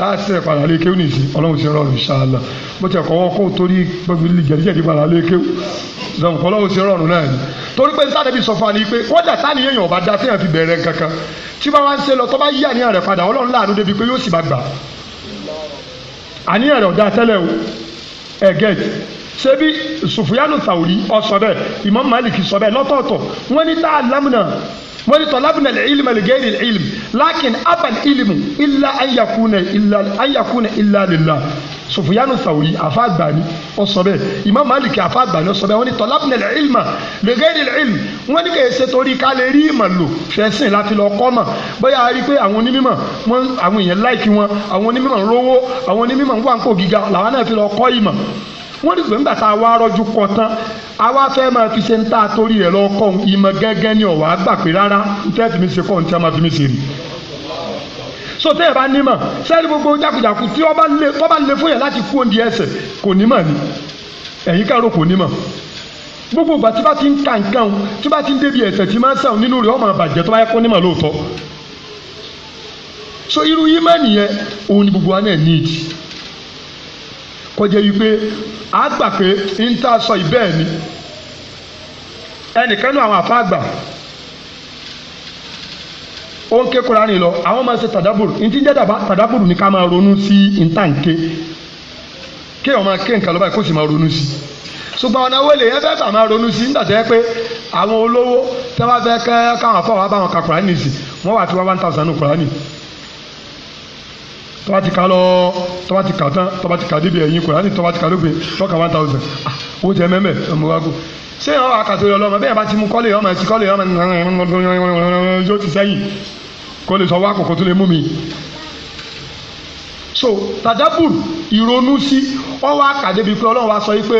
a ṣe padà lé kéwù nìyí ọlọ́run ṣe rọrùn ṣáàlà bó ti ẹ̀kọ́ wọn kó torí gbẹ̀gbẹ̀ jẹ̀díjẹ̀dí padà lé kéwù ṣàǹkọ́ ọlọ́run ṣe rọrùn náà ni torí pé sáré bí sọfún àní pé kódà sáni èèyàn ọba dá téèyàn fi bẹ̀rẹ̀ kankan tí bá wá ń ṣe lọ tó bá yí àníyàn rẹ̀ padà ọlọ́run láàánú débi pé yóò sì bá gbà á àníyàn rẹ̀ ọ̀dà tẹ́lẹ̀ o ẹ̀gẹ́t ṣebí sufuyanu tawuri ó sọ bẹ́ẹ̀ imam maliki sọ bẹ́ẹ̀ lọ́tọ̀ọ̀tọ̀ wọ́n ní tá a lámùnà wọ́n ní tọ́lábùnà ilmi lẹ́gẹ́rì ilmi lakin abal ilmu illa an yakuna illa an yakuna illa sofiyanu sawuri afa agbani ọsọ bẹ́ẹ̀ imam maliki afa agbani ọsọ bẹ́ẹ̀ wọ́n ní tọlábìnrin ilma lẹgẹrì ilm wọ́n ní kèé ṣe torí ká lè rí ìmọ̀ lò fẹsìn láti lọ kọ́ mọ̀ bóyá a rí i pé àwọn onímọ̀ wọn àwọn èèyàn láìkí wọn àwọn onímọ̀ ń rówó àwọn onímọ̀ ń wà ń kó gíga làwọn náà fi lọ kọ́ ìmọ̀ wọ́n ní sọ́yìn gbàtà wa rọ́jú kọ tán àwa fẹ́ máa fi ṣe ń ta torí ẹ̀ lọ́kọ̀ ìmọ̀ ni ọ̀wá so tẹ́yẹ̀ bá nímọ̀ sẹ́ni gbogbo jákujàku tí wọ́n bá lè fún yẹn láti kú oúnjẹ ẹsẹ̀ kò nímọ̀ ni ẹ̀yin kárò kò nímọ̀ gbogbo ìgbà tí bá ti ń ka nǹkan o tí bá ti ń débi ẹsẹ̀ tí máa ń sàn nínú rẹ̀ ọmọ àbàjẹ́ tó bá yẹ kó nímọ̀ lóòótọ́ so irú yìí má nìyẹn òun ni gbogbo wa náà níìdì kọjá wípé a gbà pé ń tá a sọ ìbẹ́ẹ̀ ni ẹnìkan náà àwọn àfa ó ń ké kúránì lọ àwọn máa ṣe tàdábùrù ntí jẹ́ tàdábùrù ni ká máa ronú sí ntànké kéèyàn máa ké nǹkan lọ báyìí kó sì máa ronú sí ṣùgbọ́n ọ̀nà wọlé yẹn fẹ́ fà máa ronú sí nígbà tó yẹ pé àwọn olówó tí wọ́n fẹ́ kẹ́ káwọn afọ́ wa bá wọn ka kúránì sí wọ́n wà tí wọ́n one thousand kuraani, tọ́ba ti ka lọ tọ́ba ti ka tán tọ́ba ti ka débi ẹ̀yìn kúránì tọ́ba ti ka lópin tọ́ka one thousand ah owó jẹ mẹ́mẹ́ ọmọ wa kú ṣé ọ àkàtúrò ọlọmọ bẹ́ẹ̀ bá ti mú kọ́lé ọmọ ẹ̀sìn kọ́lé ọmọ yóò ti sẹ́yìn kó lè sọ wá kòkó tó lè mú mi. so tàdábùr ìrònú sí ọwọ́ àkàdébi pé ọlọ́run wa sọ yìí pé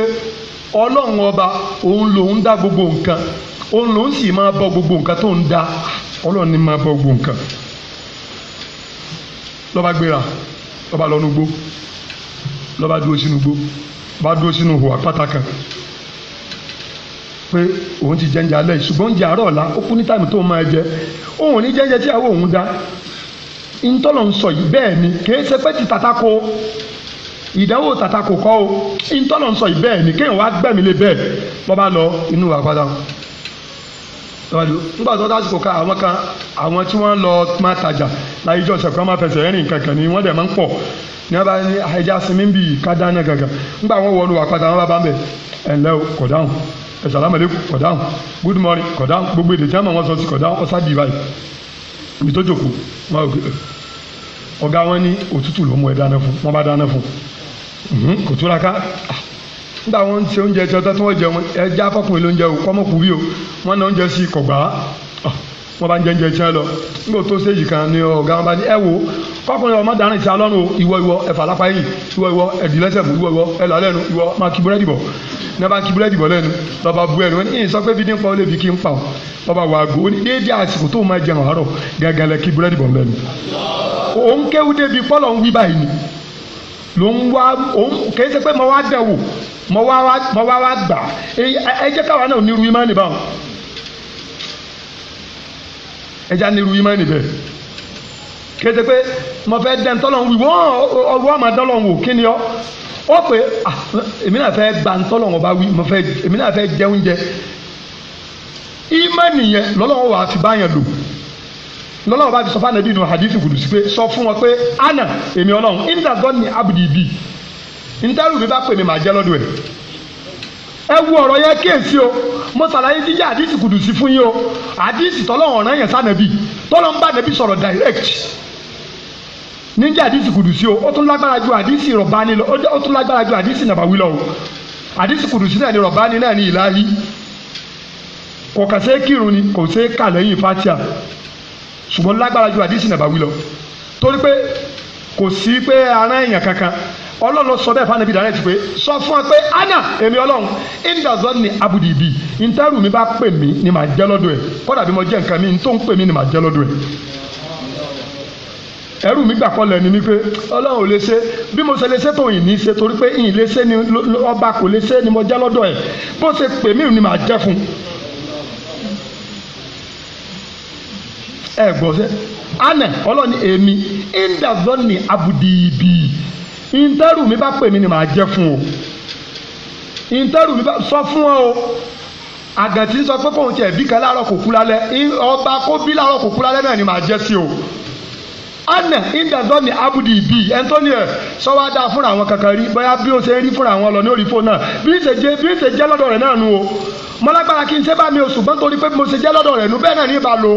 ọlọ́run ọba òun lòun dá gbogbo nǹkan òun lòun sì máa bọ gbogbo nǹkan tó ń dá ọlọ́run ni máa bọ gbogbo nǹkan lọ́ba gbéra lọ́ba lọ́nu gbó lọ́ba dúró sínú gbó lọ́ba dúró sínú hùwà pátákà pé òun ti jẹ oúnjẹ alẹ́ yìí ṣùgbọ́n oúnjẹ àárọ̀ ọ̀la ó kú ní táìmù tó máa jẹ òun ò ní jẹ́jẹ́ tí àwọn òun dá ntọ́lọ̀ ń sọ yìí bẹ́ẹ̀ ni kìí ṣe pé ti tàtàkò ìdánwò tàtàkò kọ́ o ntọ́lọ̀ ń sọ yìí bẹ́ẹ̀ ni kéèyàn wá gbẹ̀mí lé bẹ́ẹ̀ lọ́ba lọ inú wa padà. nígbà tó dásìkò ká àwọn kan àwọn tí wọ́n lọ máa tajà láyé ìjọ sẹ̀kọ́ máa fẹsẹ̀ rẹ́rìn kankan ni wọ́n dẹ̀ máa ń pọ̀ ní wọ́n bá ní ah, ẹja sinmi ń bì í ká dáná kankan nígbà wọn wọnú àpáta wọn bá bá ń o kò dáhùn ẹ̀sàlámẹ̀lẹ́kù kò dáhùn good morning kò gbogbo èdè tí máa sọ sí kò dáhùn báyìí ibi tó jòkó nígbà wọn ń ṣe oúnjẹ tí ọtọ́ tí wọ́n jẹun ẹja fọkùnrin ló ń jẹ o kọ́mọ kù bí o wọ́n náà ń jẹ sí kọ̀gbá wọ́n bá ń jẹ oúnjẹ tí lọ nígbà tó ṣèjì kan ni ọ̀gá wọn bá ní ẹ wo fọkùnrin ọmọ dàrin sí alọ́run o ìwọ ìwọ ẹ̀fà lápá yìí ìwọ ìwọ ẹ̀dì lẹ́sẹ̀ mú ìwọ ìwọ ẹ̀là lẹ́nu ìwọ máa kí búrẹ́dì bọ̀ ní wọ́n bá kí búrẹ́dì bọ̀ lẹ́nu lọ́ba bu ẹ̀nu ní sọ pé bídín pa ó lè fi kí n fa o lọ́ba wà gò ó ní déédéé àsìkò tó máa jẹun àárọ̀ gẹ́gẹ́ lẹ kí búrẹ́dì bọ̀ lẹ́nu. òun kéwu débi pọ́lọ̀ ń wí báyìí ni ló ń wá òun kì í ṣe pé mo wá dẹ̀ wò mo wá wá gbà ẹ jẹ́ káwa náà nírú ìmánì báwọn ẹ já nírú ìmánì bẹ́ẹ̀ kéde pé mo fẹ́ dẹ́n tọ́lọ̀ wí wọ́n ọwọ́ àmọ́ tọ́lọ̀ wò kí ni ọ́ ó pé ah, èmi náà fẹ́ gba tọ́lọ̀ ń bá wí mo fẹ́ èmi náà fẹ́ jẹ oúnjẹ ìmánì yẹn lọ́lọ́wọ́ wàá fi báyẹn lò lọ́lọ́wọ́ bá fi sọ fún ànábì nù hadithi kùdùsí pé sọ fún wọn pé ana èmi ọlọ́run inda gọ́ni abdi bíi ntẹ́rù mi bá pè mí màá jẹ́ lọ́dún ẹ̀ ẹ wo ọ̀rọ̀ yẹn kéèsì o mo ṣàlàyé jíjẹ́ àdìsí kùdùsí fún yín o àdìsí tọ́lọ́run ọ̀ràn yẹn sànàbì tọ́lọ́ ń bá nàbì sọ̀rọ̀ direct níjẹ́ àdìsí kùdùsí o ó tún lágbára ju àdìsí rọ̀bánì lọ ó tún lágbára ju àdìsí nàbàwí lọ o àdìsí kùdùsí náà ni rọ̀bánì náà ni ìlàhí kò kà sé kírun ni kò sé kà lẹ́yìn fatia ṣùgbọ́n lágbára ju àdìsí nàbàwí lọ torí pé kò sí pé ará èèyàn kankan ọlọ́run ló sọ bẹ́ẹ̀ fáwọn ẹbí dàrẹ́ ti pé sọ fún ọ pé ana èmi ọlọ́run indazọ́ ni abudu ibi ntẹ́rù mi bá pè mí ni màá jẹ́ lọ́dọ̀ ẹ̀ kọ́dà bí mo jẹ́ nǹkan mi ntó ń pè mí ni màá jẹ́ lọ́dọ̀ ẹ̀ ẹrù mi gbà kọlẹ̀ ni mi pé ọlọ́run ò lè ṣe bí mo ṣe lè ṣe tó yìn ní ṣe torí pé yìn lè ṣe ni ọba kò lè ṣe ni mo jẹ́ lọ́dọ̀ ẹ̀ bó ṣe pè mí ni màá jẹ́ fún un. ẹ gbọ́ sẹ́ anẹ ọlọ́ni èmi indazọ́ ni abudu ìntẹ́rù mi bá pè mí ni màá jẹ́ fún o ìntẹ́rù mi bá sọ fún ọ o àgàtì sọ pé kóun tiẹ̀ bí kan láàárọ̀ kò kú lálẹ́ ọba kó bí láàárọ̀ kò kú lálẹ́ náà ni màá jẹ́ sí o ana indazọ ni abudi bi ẹntọni ẹ sọwọ ada fúnra àwọn kankan rí bóyá bí o ṣe rí fúnra àwọn lọ ní orí fóònù náà bí o ṣe jẹ bí o ṣe jẹ lọ́dọ̀ rẹ̀ náà nu o mọlágbára kí n ṣe bá mi o ṣùgbọ́n torí pé mo ṣe jẹ lọ́dọ̀ rẹ̀ nu bẹ́ẹ̀ náà ní ìbá lo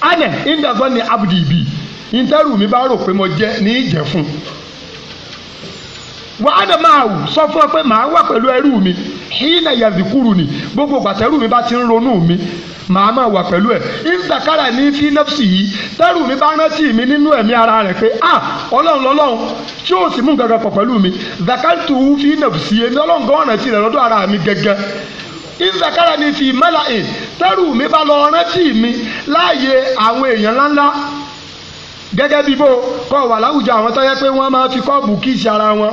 ana indazọ ni abudi ìtẹ́rù mi bá rò pé mo jẹ́ ní ìjẹ́ fún un wàá dẹ̀ máa wù sọ fún ọ pé màá wà pẹ̀lú ẹrú mi hínà yàzìkúrù ni gbogbo pàtẹ́rù mi bá ti ń ronú mi màá máa wà pẹ̀lú ẹ̀ ìzàkárà ní fi yìí tẹ́rù mi bá rántí mi nínú ẹ̀mí ara rẹ̀ pé ah ọlọ́run lọ́lọ́run tí ó sì mú nǹkan pọ̀ pẹ̀lú mi zakaritu fi nọ́ọ̀sì èmi ọlọ́run gan ọ̀nà tirẹ̀ lọ́dọ̀ ara mi gẹ́gẹ́ ìzàkárà ní fi mẹ́la ẹ̀ tẹ́rù mi bá lọ rántí mi láàyè àwọn èèyàn ńláńlá gẹ́gẹ́ bí bó kọ́ wà láwùjọ àwọn tó yẹ pé wọ́n máa fi kọ́ọ̀bù kíìsì ara wọn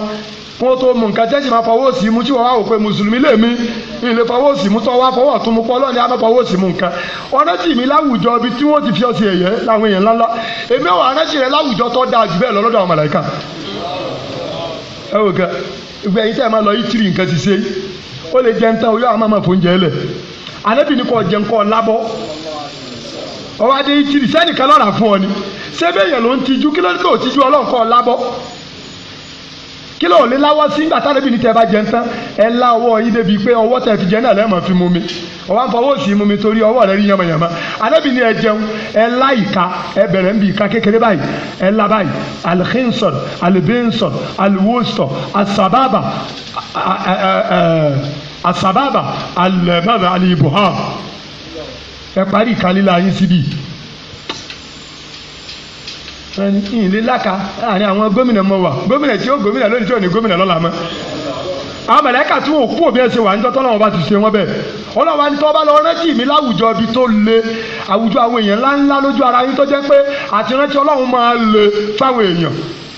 kó tó mú nǹkan tẹ́sí máa fọwọ́ sí mu tí wọ́n wá wò pé mùsùlùmí lè mí fọwọ́ sí mu tó wá fọwọ́ mu pọ́lọ́ ni a máa fọwọ́ sí mu nǹkan ọ̀rẹ́sì mi láwùjọ ibi tí wọ́n ti fi ọ̀sẹ̀ ẹ̀yẹ láwọn èèyàn ńláńlá èmi ò ọ̀rẹ́sì rẹ láwùjọ tó dáa jù bẹ́ẹ̀ lọ́dọ̀ àwọn màláìka ẹ wò ká ṣé bẹ́ẹ̀yàn ló ń tijú kí ló ní kò tijú ọlọ́run kọ́ ọ lábọ́ kí ló lè láwọ́ sí nígbà táwọn ẹbí ní tẹ́ bá jẹun tán ẹ lá ọwọ́ yín débi pé ọwọ́ tẹ́ fi jẹun náà lẹ́ẹ̀mọ́ fi mú mi ọwọ́ àfọwọ́ sí mú mi torí ọwọ́ rẹ rí yànmọ̀yànmọ́ anábì ní ẹ jẹun ẹ lá ìka ẹ bẹ̀rẹ̀ ń ìka kékeré báyìí ẹ lá báyìí alhinson alibinson aliwosọ asababa asababa alibaba ẹ parí ìka líla yín síbi ìléláka àárín àwọn gómìnà mọ wà gómìnà tí ó gómìnà lónìí tí ò ní gómìnà lọ́la mọ́ àwọn mẹ̀lẹ́kà tí wọ́n kú òbí ẹ̀ ṣe wà níjọ́ tọ́lọ́wọ́n bá ti ṣe wọ́n bẹ́ẹ̀ ọlọ́wà ní tọ́ba lọ rántí mi láwùjọ ibi tó le àwùjọ àwọn èèyàn ńláńlá lójú ara yín tó jẹ́ pé àti rántí ọlọ́run máa le fáwọn èèyàn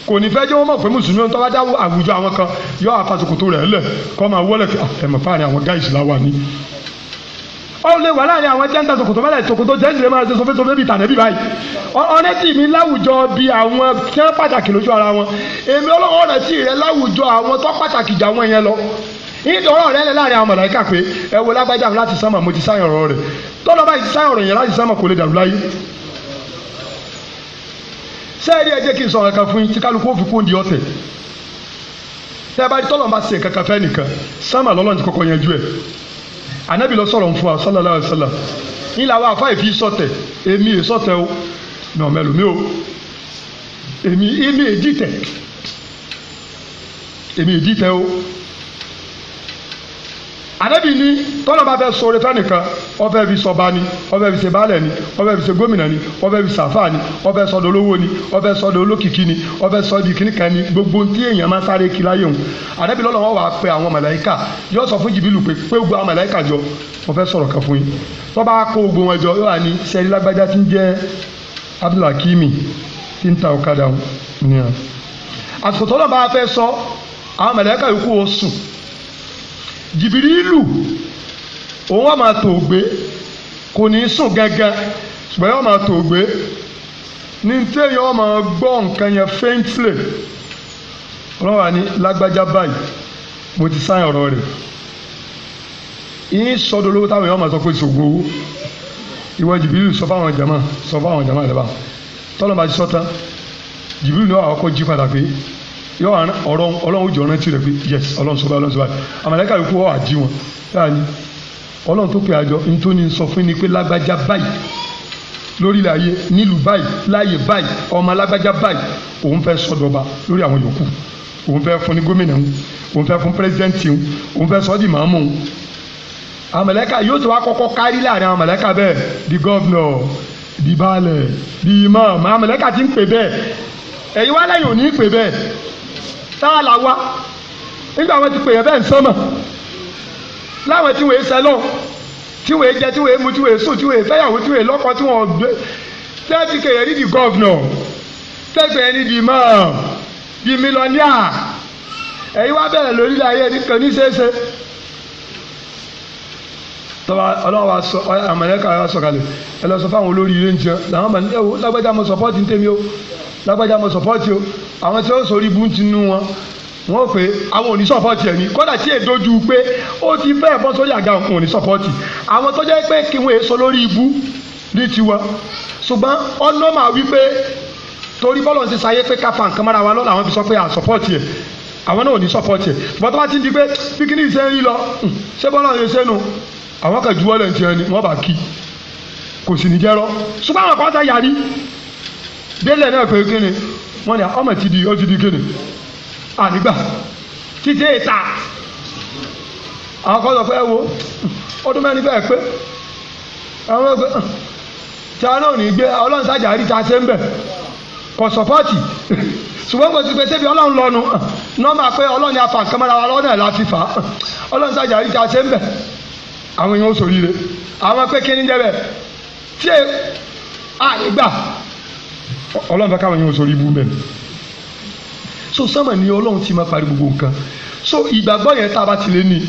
kò ní fẹ́ jẹ́ wọ́n mọ̀ pé mùsùlùmí tó bá àwùjọ àwọn kan yọ àfàsòkòtò rẹ̀ lẹ̀ kọ́ máa wọ́lẹ̀ ah, ẹ̀mọ̀fáàrin àwọn gáìsì láwa ni ọ lè wà láàrin àwọn tí wọ́n ń ta ṣòkòtò mẹ́lẹ̀ ṣòkòtò jẹ́ ìdílé máa ṣe sọfẹ́ sọfẹ́ bíi tànẹ́bí báyìí ọ̀rẹ́tì mi láwùjọ bíi àwọn tí wọ́n pàtàkì lójú ara wọn èmi ọlọ́wọ́ ọ̀rẹ́tì rẹ láwùjọ àwọn tó pàtàkì jà wọ́n yẹn lọ ìdọ̀rọ̀ rẹ lẹ láàrin àwọn mọ̀lẹ́kà pé ẹ wo lágbájá mi láti sánmà mo ti sáyàn ọ̀rọ̀ rẹ̀ tọ́lọ́ báyìí ti sáyàn ọ̀rọ̀ yẹn láti sánmà kò lè dàrú láyé sẹ́ẹ̀rí ẹ jẹ́ kí n sọ̀rọ̀ kan fún yín tí kálukú ó fi kún di ọ̀tẹ̀ tẹ́ bá tọ́lọ́ bá ṣe kankan fẹ́ nìkan sánmà lọ́lọ́ ti kọ́kọ́ yanjú ẹ̀ anabi lọ sọ̀rọ̀ fún wa sallallahu alayhi wa sallam nílẹ̀ àwọn àfáà ìfi sọ̀tẹ̀ èmi è sọ̀tẹ̀ o mi ò mẹ́lò mi o Emi èmi èdìtẹ̀ Emi èdìtẹ̀ o ànábì ní tọ́lọ́ bá fẹ́ sọ̀rọ̀ fẹ́nìkan ó fẹ́ fi sọba ni ó fẹ́ fi ṣe baálẹ̀ ni ó fẹ́ fi ṣe gómìnà ni ó fẹ́ fi ṣàfà ni ó fẹ́ sọdọ̀ olówó ni ó fẹ́ sọdọ̀ olókìkí ni ó fẹ́ sọdọ̀ ìkíníkan ni gbogbo tí èèyàn máa sáré kí láyé òun ànábì lọ́lọ́wọ́ wàá pe àwọn màláíkà yóò sọ fún jìbìlù pé pé gbogbo àwọn màláíkà jọ mo fẹ́ sọ̀rọ̀ jìbìrìlù òun á máa tò gbé kò ní sùn gángan ṣùgbọ́n yóò máa tò gbé ní téèyàn ọmọ gbọ́ nǹkan yẹn faintly ọlọ́wà ní lágbájá báyìí mo ti sáyìn ọ̀rọ̀ rẹ̀ yín sọdọ lówó táwọn èèyàn máa sọ pé ìṣògùn owó ìwọ jìbìlì sọ fáwọn jàmá sọ fáwọn jàmá rẹ bá tọ́lọ́ bá ti sọ tán jìbìlì náà àkọ́kọ́ jí padà pé yóò hàn ọ̀rọ̀ ọlọ́run jọ rántí rẹ̀ pé yes ọlọ́run sọ báyìí ọlọ́run sọ báyìí àmàlẹ́kà yòókù ọ̀ àjí wọn láàánú ọlọ́run tó pe àjọ ntóni sọ fún ni pé lágbájá báyìí lórílẹ̀ ayé nílùú báyìí láàyè báyìí ọmọ alágbájá báyìí òun fẹ́ sọdọba lórí àwọn yòókù òun fẹ́ fún ní gómìnà òun fẹ́ fún pírẹsidẹ́ǹtì òun fẹ́ sọ́dí màámu àmàlẹ́kà yóò tó wá kọ́kọ́ kárí láàrin àmàlẹ́kà bẹ́ẹ̀ di gọ́vnọ̀ di baálẹ̀ di imam àmàlẹ́kà ti ń pè bẹ́ẹ̀ ẹ̀yin wá lẹ́yìn ò ní pè bẹ́ẹ̀ sáà làwa nígbà wọn ti pè yẹn bẹ́ẹ̀ ń sọ́mọ̀ láwọn tí wọ́n ṣe lọ tí wọ́n jẹ tí wọ́n mu tí wọ́n sùn tí wọ́n fẹ́yàwó tí wọ́n lọ́kọ tí wọ́n gbé tẹ́tí kẹ̀yẹ́ ní di gọ́vnọ̀ tẹ́tí kẹ̀yẹ́ ní di mọ́ di mílíọ̀nìà ẹ̀yin wá bẹ̀rẹ̀ lórílẹ̀ ayé nìkan ní ṣeéṣe tọ́ba ọlọ́run wa sọ àmọ̀lẹ́kà wa sọ̀kalẹ̀ ẹ lọ sọ fáwọn olórí ilé nìjẹ́ làwọn bá ní ẹ wo lágbájá mo sọ̀pọ́ọ̀tì ń tèmi o lágbájá mo sọ̀pọ́ọ̀tì o àwọn tí ó sọ̀rí ibú ti nú wọn wọ́n pè àwọn ò ní sọ́pọ́ọ̀tì ẹ̀ ní kódà tí èdojú pé ó ti fẹ́ẹ̀ bọ́ sórí àga òun ò ní sọ́pọ́ọ̀tì àwọn tó jẹ́ pé kí wọ́n èso lórí ibú ní tiwa ṣùgbọ́n ọ̀nà máa wí pé torí bọ́lọ̀ ti sáyé pé ká fa nǹkan mára wa lọ́la àwọn fi sọ pé à sọ́pọ́ọ̀tì ẹ̀ àwọn náà ò ní sọ́pọ́ọ̀tì ẹ̀ ṣùgbọ́n tó bá ti di pé píkíníkì ṣe ń rí lọ ṣé bọ́lọ̀ ṣe ṣe nù àwọn kan juwọ́ lẹ̀ ń tiẹ̀ ni wọ́n bá kí kò sì ní jẹ́rọ́ ṣùgbọ́n àwọn kan ta yàrí délẹ̀ náà pé kíni wọ́n ní ọmọ ti di ó ti di kíni ànígbà títí ìta àwọn kan sọ pé ẹ wo ọdún mẹ́rin bẹ́ẹ̀ pé àwọn ẹgbẹ́ tí a náà ní gbé ọlọ́run sájà rí ta ṣe ń bẹ̀ kò sọ́pọ́ọ̀tì ṣùgbọ́n kò sí pé tẹ́bi ọlọ́run lọ́nu hm. nọ́ọ̀mà pé ọlọ́run ni a fà nǹkan mọ́ra wa lọ́nà ẹ̀ la fi fà ọlọ́run sájà rí ta ṣe ń bẹ̀ àwọn yẹn ó sòrí rẹ àwọn pé kíni jẹ́ bẹ́ẹ̀ tí ẹ àgbà ọlọ́run fẹ́ káwọn yẹn ó bú bẹ́ẹ̀ so sọ́mọ̀ ni ọlọ́run ti máa parí gbogbo nǹkan so ìgbàgbọ́ yẹn tá a bá ti lé ní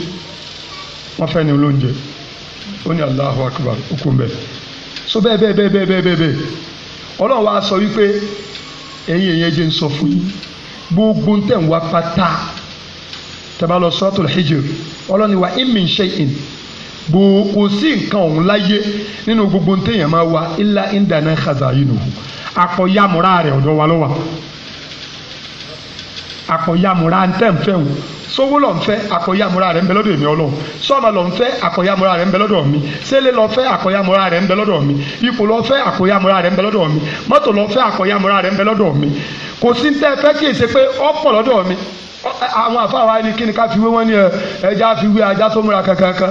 wọ́n fẹ́ ni olóúnjẹ ó ní Allahu Akbar ó kún bẹ́ẹ̀ so bẹ́ẹ̀ bẹ́ẹ̀ bẹ́ẹ̀ bẹ́ẹ̀ bẹ́ẹ̀ bẹ́ẹ̀ ọlọ́run wa sọ wípé ẹ̀yin ẹ̀yin ẹ̀jẹ̀ ń sọ fún yín gbogbo ń tẹ̀ ń wá pátá tẹ̀ bá lọ Suratul Hijr ọlọ́run wa in min kò sí nǹkan ọ̀hún láyé nínú gbogbo ntẹ̀yàn máa wa ilá ìdáná khazayinu akọ̀yàmúra rẹ̀ ọ̀dọ̀ wa lọ́wọ́ akọ̀yàmúra ntẹ̀nfẹ̀ wò sowó lọ nfẹ́ akọ̀yàmúra rẹ̀ nbẹ lọ́dọ̀ èmi Ọlọ́run sọọma lọ nfẹ́ akọ̀yàmúra rẹ̀ nbẹ mi sẹlẹ lọ fẹ́ akọ̀yàmúra rẹ̀ nbẹ mi ipò lọ fẹ́ akọ̀yàmúra rẹ̀ nbẹ mi mọ́tò lọ fẹ́ akọ̀yàmúra rẹ̀ nbẹ mi kò sí ntẹ fẹ́ kí èsè pé ọ̀pọ̀ lọ́dọ̀ mi àwọn àfáà ni kí ni ká fi wé wọn ni ẹ ẹja fi wé ajá tó kankan kan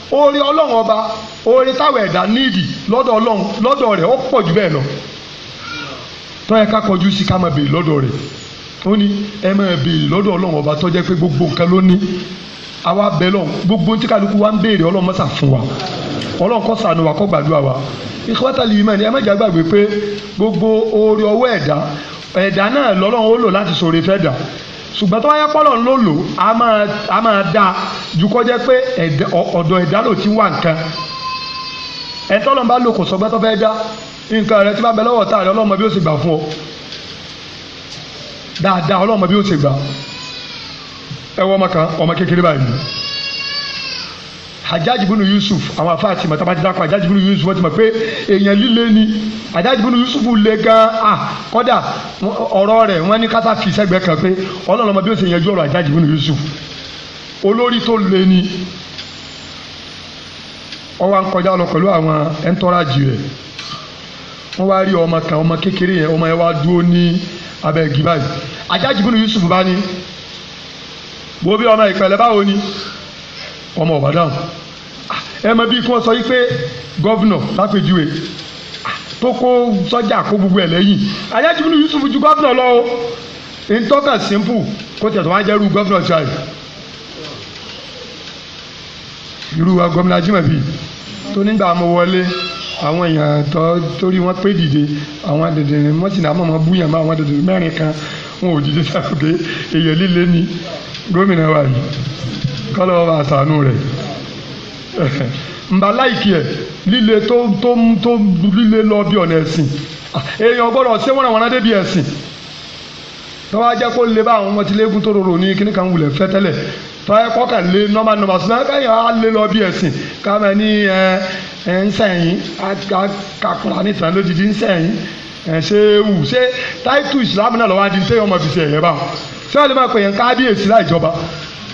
oore ọlọ́run ọba oore táwọn ẹ̀dá níìdì lọ́dọ̀ ọlọ́run lọ́dọ̀ rẹ̀ ó pọ̀ jù bẹ́ẹ̀ lọ tó yẹ ká kọjú sí ká máa béèrè lọ́dọ̀ rẹ̀ ó ní ẹ máa béèrè lọ́dọ̀ ọlọ́run ọba tó jẹ́ pé gbogbo nǹkan ló ní àwa bẹ lọ gbogbo tí kálukú wa ń béèrè ọlọ́run mọ́sà fún wa ọlọ́run kó ṣàánú wa kó gbàdúrà wa ìkọ́wátà lè mọ̀ ní ẹ má jà gbàgbé pé gbogbo oore ọwọ́ ẹ̀dá ẹ̀dá náà lọ́lọ́run ó lò láti ṣoore fẹ́ dà ṣùgbọ́n tó bá yẹ pọ́lọ̀ ló lò á máa dá ju kọ́ jẹ́ pé ọ̀dọ̀ ẹ̀dá ló ti wà nǹkan ẹ̀tọ́ lọ́n bá lò kò sọgbẹ́ tó fẹ́ dá nǹkan rẹ tí bá bẹ lọ́wọ́ táàrí ọlọ́mọ bí ó ṣe gbà fún ọ dáadáa ọlọ́mọ bí ó ṣe gbà ẹ wọ ọmọ kan ọmọ kékeré báyìí hajjaj bunu yusuf àwọn afa àti mọ̀tàmá ti dákọ̀ hajjaj bunu yusuf wọ́n ti mọ̀ pé èèyàn líle ni hajjaj bunu yusuf le gan ah kọ́dà ọ̀rọ̀ rẹ̀ wọ́n ní kásá fi sẹ́gbẹ̀ẹ́ kan pé ọlọ́run ọmọ bí ó ṣe yanjú ọ̀rọ̀ hajjaj bunu yusuf olórí tó le ni wọ́n wá ń kọjá lọ pẹ̀lú àwọn ẹ̀ńtọ́rajì rẹ̀ wọ́n wá rí ọmọ kan ọmọ kékeré yẹn ọmọ yẹn wá dúró ní abẹ́ igi báyìí bunu yusuf bá ní wo bí ọmọ ìpẹ̀lẹ́ báwo ni ọmọ ọ̀wá dáhùn ah, ẹ mọ bí kí wọ́n sọ yí pé gọ́vnọ̀ lápèjúwe ah, tó kó sọ́jà kó gbogbo ẹ̀ lẹ́yìn Aláàjì Múnú Yusuf ju gọ́vnọ̀ lọ o ntọ́kà simple kó tẹ̀ tó wá jẹ́rú gọ́vnọ̀ ṣáà irú wa gómìnà Ajímọ̀bí tó nígbà mo wọlé àwọn èèyàn tó torí wọn pé dìde àwọn dèdèrè mọ́tìnà àmọ́mọ́ búyàn bá àwọn dèdèrè mẹ́rin kan wọn ò dìde sàrògé èèyàn líle ni gómìnà wa yìí kọ́lọ́ wọn bá sànú rẹ̀ nba láìkí ẹ̀ líle tó tó tó líle lọ bí ọ̀nà ẹ̀sìn èèyàn gbọ́dọ̀ ṣé wọ́n ràn wọ́n adé bí ẹ̀sìn tọ́wọ́ ajá kó lè bá àwọn ọmọ tí léegun tó rorò ní kíní kan wulẹ̀ fẹ́ tẹ́lẹ̀ tọ́wọ́ kọ́ kà lé nọ́mbà nọ́mbà sọ́nà káyọ̀ á lé lọ bí ẹ̀sìn káma ní ẹ ẹ ń sẹ̀yìn ní tàn lójijì ń ẹ ṣe wù ṣe táìtù ìsìlámù náà lọ́wọ́ adi ń tẹ́yọ̀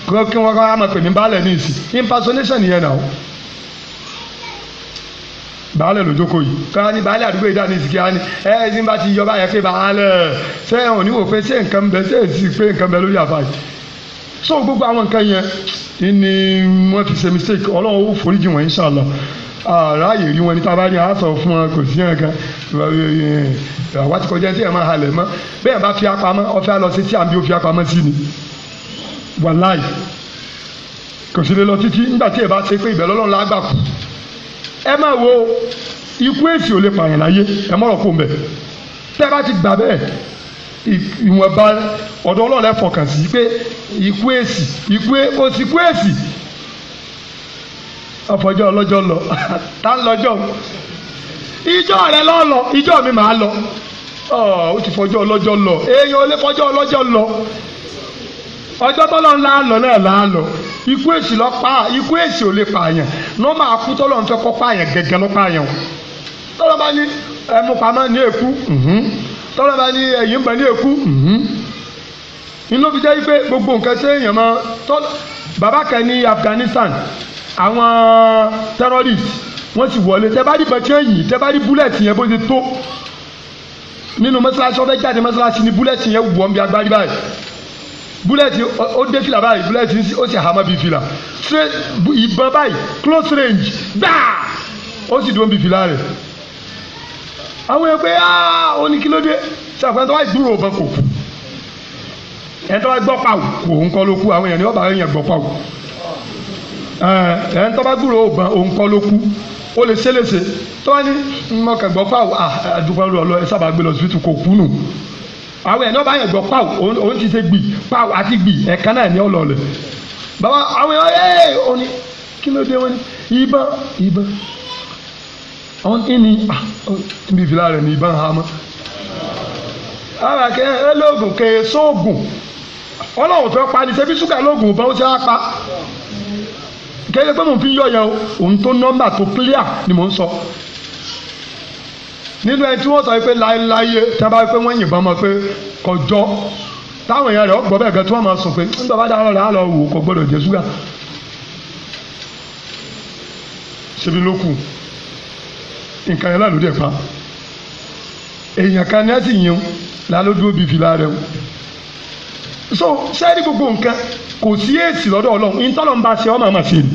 kí wọ́n kọ́ àmọ̀ pè mí baálẹ̀ ní ìsìn impersonation yẹn náà baálẹ̀ ló jókòó yìí káwọn ní baálẹ̀ àdúgbò ìdáni ìsìnkí wọn ni ẹ ẹ ní bá ti yọba yẹn pé baálẹ̀ ṣé ẹ ò ní wò pé ṣé nǹkan bẹ ṣé èsì pé nǹkan bẹ lórí àfàjì so gbogbo àwọn nǹkan yẹn ni wọ́n ti ṣe mistake ọlọ́run ó foríjì wọ́n inshallah àráyè rí wọn ní tá a bá rí a sọ fún wọn kò sí ẹ̀ka àwa ti kọjá tí ẹ̀ máa halẹ̀ mọ́ bẹ́ẹ̀ bá fi apamọ́ ọ wàláì kò sí lè lọ títí nígbà tí ẹ bá ṣe pé ìbẹ̀rẹ̀ ọlọ́run la gbà kú ẹ máa wo ikú èsì ò lè pààyàn láyé ẹ mọ̀rọ̀ kó mbẹ̀ tẹ́ ẹ bá ti gbà bẹ́ẹ̀ ìwọ̀nba ọ̀dọ̀ ọlọ́run ẹ fọkàn sí pé ikú èsì ikú òsì e, ikú èsì ọ̀fọ̀jọ́ ọlọ́jọ́ lọ tá ń lọ́jọ́ ìjọ rẹ lọ́ lọ ìjọ mi máa lọ ó ti fọjọ́ ọlọ́jọ́ lọ èèyàn ò lè fọjọ́ ọlọ́jọ́ lọ ọjọ́ tọ́lọ́run láàlọ́ náà láàlọ́ ikú èsì lọ pa ikú èsì ò lè pààyàn nọ́mà akú tọ́lọ́run fẹ́ kọ́ pààyàn gẹ́gẹ́ lọ́ pààyàn tọ́lọ́run bá ní ẹmu pamọ́ ní èkú mhm. tọ́lọ́run bá ní ẹ̀yìn bá ní èkú mhm. inú fi jẹ́ pé gbogbo nǹkan ṣe èèyàn mọ́ bàbá kan ní Afghanistan àwọn terrorists wọ́n sì wọlé tẹ́ bá rí bẹ́ẹ̀ tí ó yìn tẹ́ bá rí búlẹ̀tì yẹn bó ṣe tó nínú mọ́ṣáláṣí ọ̀fẹ́ jáde mọ́ṣáláṣí ni búlẹ̀tì yẹn wọ̀ ń bí agbárí báyìí búlẹ̀tì ó dé fìlà báyìí búlẹ̀tì ó sì hàmọ́ bíi fìlà ìbọn báyìí close range gbáà ó sì dúró bíi fìlà rẹ̀ àwọn èèyàn ah! ó ní kí ló dé ṣàpẹ́ tó wá ìgbúrò ọ̀bọ̀n kò kú ẹni tó bá gbọ́ pa kò ń kọ́ ló kú àwọn èèyàn ní ọ̀bà èèyàn gbọ́ pa ẹni tó bá gbúrò ọ̀bọ̀n òun kọ́ ló kú ó àwọn ẹ̀ náà bá yàn gbọ́ pàwọ́ òun ti ṣe gbì pàwọ́ àti gbì ẹ̀ka náà ní ọlọ́ọ̀lẹ̀ bàbá àwọn ẹ̀ ẹ̀ òní kí ló dé wọn ni ìbọn ìbọn àwọn ìní ah, níbi ìfìlà rẹ̀ ní ìbọn hàmọ́ ara kẹ ẹ lóògùn kẹ ẹ sóògùn ọlọ́run fẹ́ pa ni ṣebí ṣúgà lóògùn bá ó ṣe á pa kẹ́lẹ́ pé mò ń fi yọ̀ yẹn o òun tó nọ́mbà tó clear ni mò ń sọ nínú ẹni tí wọ́n sọ pé láéláyé tí wọ́n bá pé wọ́n yìnbọn mọ́ pé kọjọ́ táwọn èèyàn rẹ̀ ó gbọ́ bẹ́ẹ̀ gan tí wọ́n máa sùn pé nígbà bá dáhùn rẹ̀ á lọ wò kò gbọ́dọ̀ jẹ ṣúgà ṣebí ló kù nǹkan yẹn lálùdẹ̀ pa èèyàn kan ní ẹ̀sìn yẹn lálódúró bíi fìlà rẹ̀ o so ṣẹ́ẹ́rì gbogbo nǹkan kò sí èsì lọ́dọ̀ ọlọ́run ìtọ́lọ́mbà ṣe ọmọ àmàṣe ni.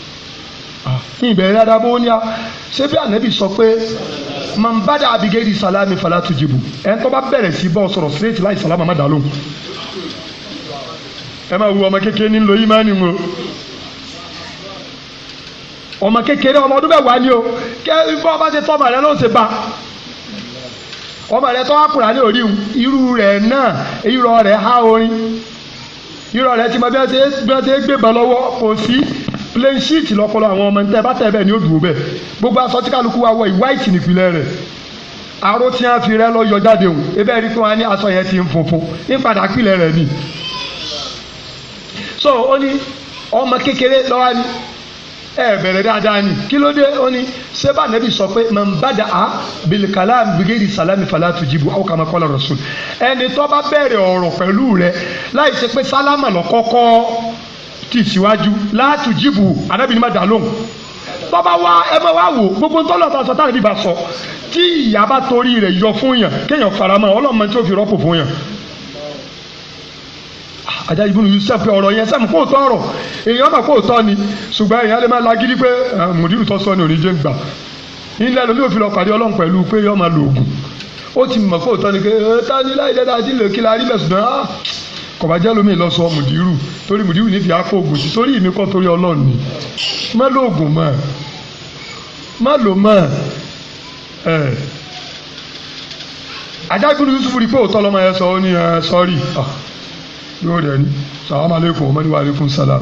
ní ìbẹ̀rẹ̀ dáadáa bó ní a ṣé bí ànábì sọ pé man bada abigeri salami fala tujibu ẹ̀ ń tọ́ bá bẹ̀rẹ̀ sí bọ́ sọ̀rọ̀ straight láì salama má dà lóhùn ẹ máa wu ọmọ kékeré ní lo ìmánì mu ọmọ kékeré ọmọ ọdún mẹ́wàá ni o kẹ́ bọ́ bá ṣe tọ́ ọmọ rẹ ló ń ṣe bá ọmọ rẹ tọ́ àkùrà ní orí irú rẹ̀ náà irọ́ rẹ̀ há orin irọ́ rẹ̀ ti mọ bí wọ́n ṣe gbé bọ́ lọ́wọ́ kò sí plain sheet lọ́pọ̀lọ́ àwọn ọmọ níta bá tẹ̀ bẹ́ẹ̀ ni ó dùn bẹ́ẹ̀ gbogbo aṣọ tí kálukú wa wọ white nípìnlẹ̀ rẹ̀ aró tí wọ́n fi rẹ́ lọ yọ jáde hùn ebẹ́ rí fún wa ní aṣọ yẹn ti ń funfun ní padà pìlẹ̀ rẹ̀ ni. so ó ní ọmọ kékeré lọ́wọ́ ni ẹ bẹ̀rẹ̀ dáadáa ni kí ló dé ó ní sẹ́bà nẹ́bí sọ pé mà ń bàdà á bìlìkàlà bìgẹ́rì sàlámì fàlà tùjìbù àwọn kàmá kọ́lá rọ̀ṣùn ẹni tó bá bẹ̀rẹ̀ ọ̀rọ̀ pẹ̀lú rẹ̀ láì ṣe pé sálámà lọ kọ́kọ́ kì í síwájú láti jíìbù anábì ní má dà lóhùn bàbá wa ẹ máa wá wò gbogbo tọ́lọ̀ tá a sọ táàbí bá sọ tí ìyá bá torí rẹ̀ yọ fún yàn kéèyàn faramọ́ ọlọ́mọ tí ó fi rọ́pò fún yàn ajá ibùdó yusuf ọ̀rọ̀ yẹn sẹ́mu kó tọ́ ọ̀rọ̀ èèyàn mà kó tọ́ ni ṣùgbọ́n èèyàn lè má lagídí pé ah, mùdírù tó sọ ni òní jẹ́ gbà ilé ẹlòmíì òfin lọ pàdé ọlọ́run pẹ̀lú pé yọ máa lo oògùn ó ti mọ̀ kó tọ́ ni pé eh, tani kọ̀bájá lómi lọ sọ mùdírù torí mùdírù nífẹ̀ẹ́ akọ ògùn sí torí èmi kọ́ torí ọlọ́run ni má lo ògùn mọ́ má lo mọ́ ẹ̀ adágúnú Yusuf rí pé òótọ́ lọ́mọ yẹn sọ ó ní ẹ sọ́rí ah, yóò rẹ̀ ní sàlámù aleykum ọmọdé wa aleykum salam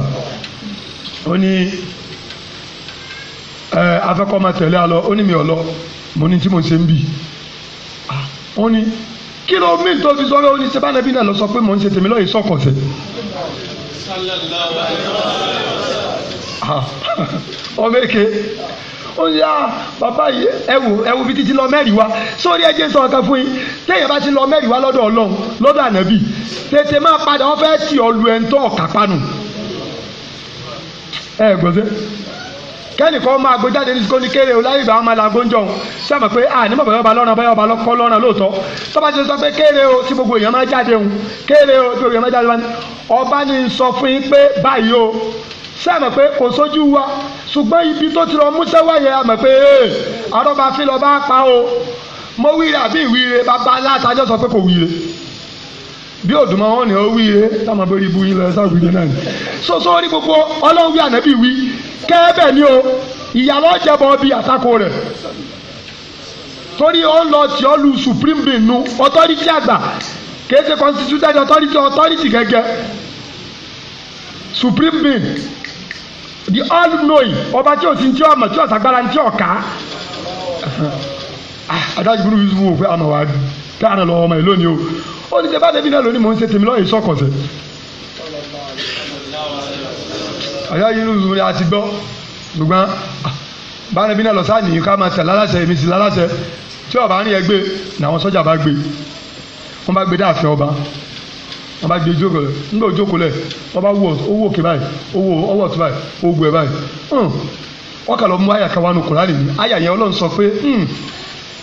ó ní ẹ afẹ́kọ́ máa tẹ̀lé alọ ó ní mi ò lọ mo ní tí mo ṣe ń bì ah, ó ní kí ló mi tó fi sọ́rọ́ òní ṣe bá nàbí náà lọ sọ pé mò ń ṣe tèmi lọ́yìn sọ́kànṣe. Ah, ọmọ èké ó ní à ah, bàbá yìí ẹwù ẹwù bíi títí lọ mẹ́rin wá sórí ẹjẹ sọ ọ̀kan fún yín téèyàn bá ti lọ mẹ́rin wá lọ́dọ̀ ọlọ́run lọ́dọ̀ ànábì tètè máa padà wọ́n fẹ́ tì ọ lu ẹ̀ńtọ́ ọ̀kápánu ẹ̀ gbọ́dọ̀ kẹ́nìkan máa gbé jáde ní sikoni kéré o láyé ìgbà wọn máa la góńjọ òun ṣé àmọ̀ pé à nímọ̀ bẹ́ẹ̀ ọba lọ́rùn bẹ́ẹ̀ ọba lọ́kọ́ lọ́rùn lóòótọ́ tó ti sọ pé kéré o tí gbogbo èèyàn máa jáde òun kéré o tí gbogbo èèyàn máa jáde òun ọba ni sọ fún yín pé báyìí o ṣé àmọ̀ pé kò sójú wa ṣùgbọ́n ibi tó ti lọ múṣẹ́ wáyé àmọ̀ pé àrọ́bàfin lọ bá pa o mo wíire àbí ìwíire bàbá aláàtàjọ́ bí òdùmọ̀ wọn ni ó wí re táwọn abẹ́rẹ́ ibú yín lọ sáwùjọ náà ni soso ní gbogbo ọlọ́run wí ànábì wí kẹ́ẹ́bẹ̀ ni o ìyàlọ́ jẹ́bọ bí àtakò rẹ̀ torí ó ń lọ tí ó supreme being nu authority àgbà kìí ṣe constituted authority authority gẹ́gẹ́ supreme being the all knowing ọba tí o ti ń tí ọmọ tí o sàgbára ń tí ọ̀ka adájú burúkú yusuf wò pé àmọ̀ wá dáná lọ ọmọ ìlónìí o. ó ní sẹ́ bá débi náà lónìí mò ń ṣe tèmi lọ́yìn sọ́kọ̀sẹ̀. àyà yìí ló ń àti gbọ́ ṣùgbọ́n bá débi náà lọ sáà nìyí ká máa tẹ̀ lálàṣẹ èmi sì lálàṣẹ tí ọba rìn ẹgbẹ́ làwọn sọ́jà bá gbé wọ́n ọba wọ́n bá gbé jókòó lẹ̀ nígbà òjókòó lẹ̀ wọ́n bá wọ owó òkè báyìí owó ọwọ́ báyìí ẹ̀ báyìí wọ́n kà lọ mú àyà kan àyà yẹn Ọlọ́run sọ pé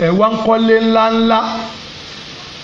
ẹ̀ wá ń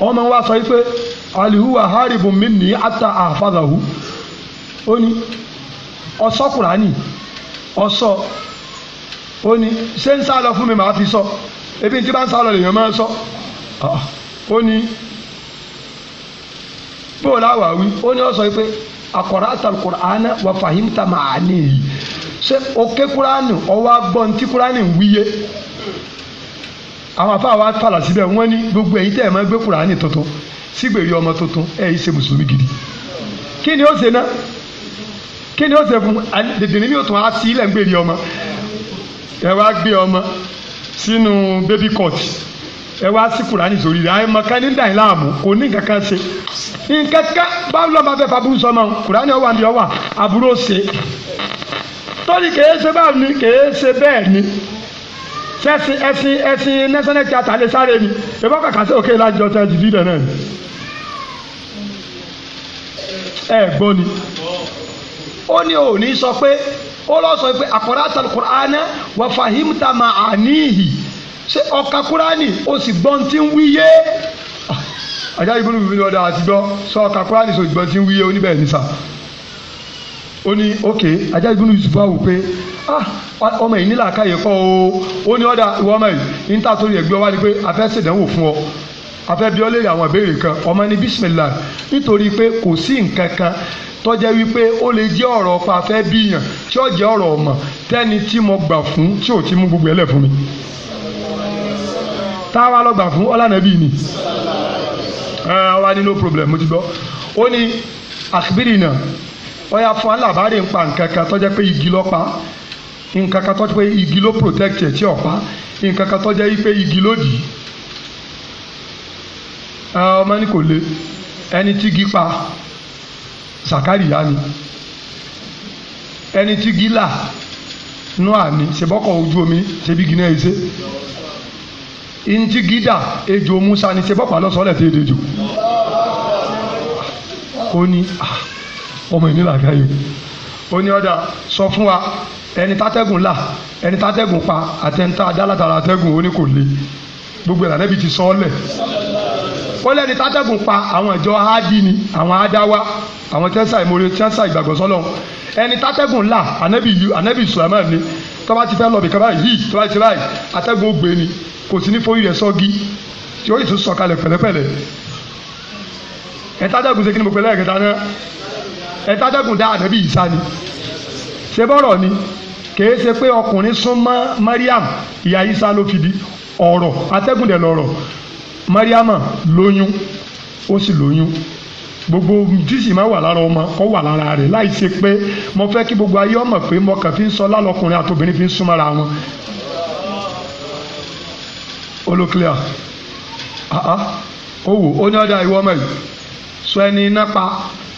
ọmọ wa sọ wípé alihuwa haribun minni ata ahfadahu ó ní ọsọ kùránì ọsọ ó ní ṣé ń sá lọ fún mi màá fi sọ ebi tí bá ń sá lọ lèèyàn máa ń sọ ah, ó ní bóò láwàá wí ó ní ọ sọ wípé akọ̀rọ̀ àtàlùkùránì wà fàhímtà màá nìyí ṣé o ké ọwọ́ agbọ́n tí kúránì ń wíyé àwọn afáà wa fàlà síbẹ̀ wọ́n ní gbogbo ẹ̀yin tẹ́ ẹ̀ máa gbé kùránì tuntun sígbèrè ọmọ tuntun ẹ̀ yìí ṣe mùsùlùmí gidi kí ni ó ṣe náà kí ni ó ṣe fún dèdè ní yóò tún ilẹ̀ ń gbèrè ọmọ ẹ wá gbé ọmọ sínú baby court ẹ wá sí kùránì sórí rẹ àyè mọ̀ká ní dàn láàmú kò ní kankan ṣe nkankan báwo lọ́ọ́ máa fẹ́ faburú sọmọ kùránì ọwà ni ọwà àbúrò ṣe tọ́ni kèé ṣe báwo ni kèé ṣe bẹ́ẹ̀ ni sẹ́sìn ẹ̀sìn ẹ̀sìn national theatre lè sáré ni ìbọn kàkà sí òkè lájọ tẹ ti dídẹ náà ni. ẹ gbọ́ ni ó ní òní sọ pé ó lọ sọ pé àkọ́rọ́tà kùránà wà fàhímtà mà àníhì ṣé ọkà kúránì ó sì gbọ́n tí ń wíyé ajá ìbúrú bíbí ni ọ̀dà àti gbọ́ sọ ọkà kúránì sọ ìgbọ́n tí ń wíyé oníbẹ̀ ó ní ok ajá ìbínú Yusuf wá wò pé ah, ọmọ yìí nílà káyè kọ́ o ó ní ọ̀dà ìwọ ọmọ yìí níta torí ẹ̀gbẹ́ wá ni pé a fẹ́ ṣèdánwò fún ọ a fẹ́ bi ọ́ léèrè àwọn ìbéèrè kan ọmọ ní bismillah nítorí pé kò sí nǹkan kan tọ́jẹ́ wípé ó lè jẹ́ ọ̀rọ̀ pa fẹ́ bíyàn tí ó jẹ́ ọ̀rọ̀ ọ̀mọ̀ tẹ́ni tí mo gbà fún tí ò ti mú gbogbo ẹlẹ́ fún mi. táwa lọ gbà fún ọlànà bíi ni ẹ wá ní no problem mo ti gbọ́ ó ní àkíbírì náà ọyà fún alábàárẹ̀ ń pa nǹkan kan tó jẹ́ pé igi ló pa nǹkan kan tó jẹ́ pé igi ló protect ẹ̀ tí ò pa nǹkan kan tó jẹ́ pé igi ló dì í ọmọ ní kò le ẹni tí igi pa Sàkáríyá ni ẹni tí igi là Nóà ni ṣèbọ́kọ̀ ojú omi ṣebí igi náà ẹ ṣe ntí gídà ejò Musa ni ṣe bọ́pàá lọ́sọ̀ọ́lẹ̀ tó ejò kò ní. Ah ọmọ yìí nílà káyè ó ní ọ̀dà sọ fún wa ẹni tátẹ́gùn là ẹni tátẹ́gùn pa àtẹnitá adálátara àtẹ́gùn ó ní kò le gbogbo ìlànà ibi ti sọ ọ́ lẹ̀ ó lẹ́ni tátẹ́gùn pa àwọn ìjọ áádì ni àwọn ádáwá àwọn tẹ́sà ìmoore tẹ́sà ìgbàgbọ́ sọ́lọ́ ẹni tátẹ́gùn là ànábì yìí ànábì Sulaiman ni tọ́ba ti fẹ́ lọ bìkan báyìí yìí tọ́ba ti báyìí atẹ́gùn ògbé ni kò sí ní fóyí rẹ̀ sọ́gi tí ó yìí tún sọ̀kalẹ̀ pẹ̀lẹ́pẹ̀lẹ́ ẹ̀ta dẹ́gùn ṣe kí ni mo pẹ̀lẹ́ ẹ̀kẹta náà ẹ̀ńtàtẹ́gùn dá ànábì Ìsá ni ṣé bọ́rọ̀ ni kèé ṣe pé ọkùnrin sún mọ́ Mariam ìyá Ìsá ló fi di ọ̀rọ̀ atẹ́gùn dẹ̀ lọ̀rọ̀ Mariam lóyún ó sì lóyún gbogbo jísì máa wà lára ọmọ kọ́ wà lára rẹ̀ láì ṣe pé mo fẹ́ kí gbogbo ayé ọmọ pé mo kàn fi ń sọ lálọ́kùnrin àtòbìnrin fi ń súnmọ́ra wọn olókìlíà ah, ah. ó wò ó ní ọ̀dà ìwọ́mọ̀ yìí sọ ẹni náà pa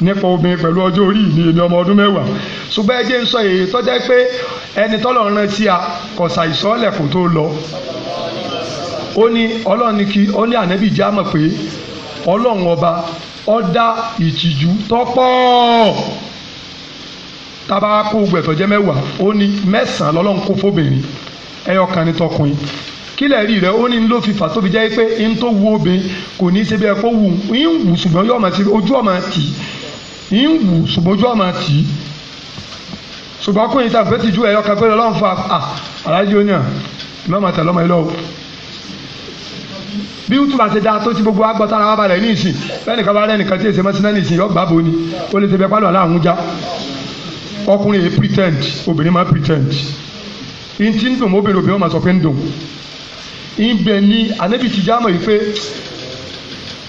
nípa obìnrin pẹ̀lú ọjọ́ orí ni èmi ọmọ ọdún mẹ́wàá ṣùgbọ́n ẹ jẹ́ ń sọ èyí tó jẹ́ pé ẹni tọ́lọ̀ ń rántí a kọ̀sà ìsọ́lẹ̀ kò tó lọ ó ní ọlọ́run ní kí ó ní ànábì já mọ̀ pé ọlọ́run ọba ó dá ìtìjú tọ́pọ̀ tábà kó gbẹ̀tọ̀ jẹ́ mẹ́wàá ó ní mẹ́sàn-án lọ́lọ́run kó fóbìnrin ẹyọ kan ní tọkùnrin kílẹ̀ rí rẹ̀ ó ní ló fi fà tó jẹ́ pé n tó wu obìnrin kò ní í ṣe bí ẹ kó wù ń wù ṣùgbọ́n yóò máa ṣe ojú ọ̀ma tì í ń wù ṣùgbọ́n ojú àmà tì í ṣùgbọ́n akóyin tá a fẹ́ ti ju ẹ̀yọ́ kan fẹ́rẹ̀ ọlọ́run fa àlàyé oníyàn lọ́mọ tẹ̀ lọ́mọ ilé o bí wútu bá ṣe dáa tó ti gbogbo agbọ́tara wa balẹ̀ ní ìsìn lẹ́nìkan bá lẹ́nìkan tí èsè mọ́síná ní ìsìn yọ gbà bo ni ó lè ṣe bẹ́ẹ̀ pálọ̀ aláàrún já ọkùnrin yìí pretend obìnrin máa pretend ntí ń dùn mọ́bìnrin obìnrin máa sọ pé ń dùn ibẹ̀ ni ànábì ti já mọ̀ yìí pé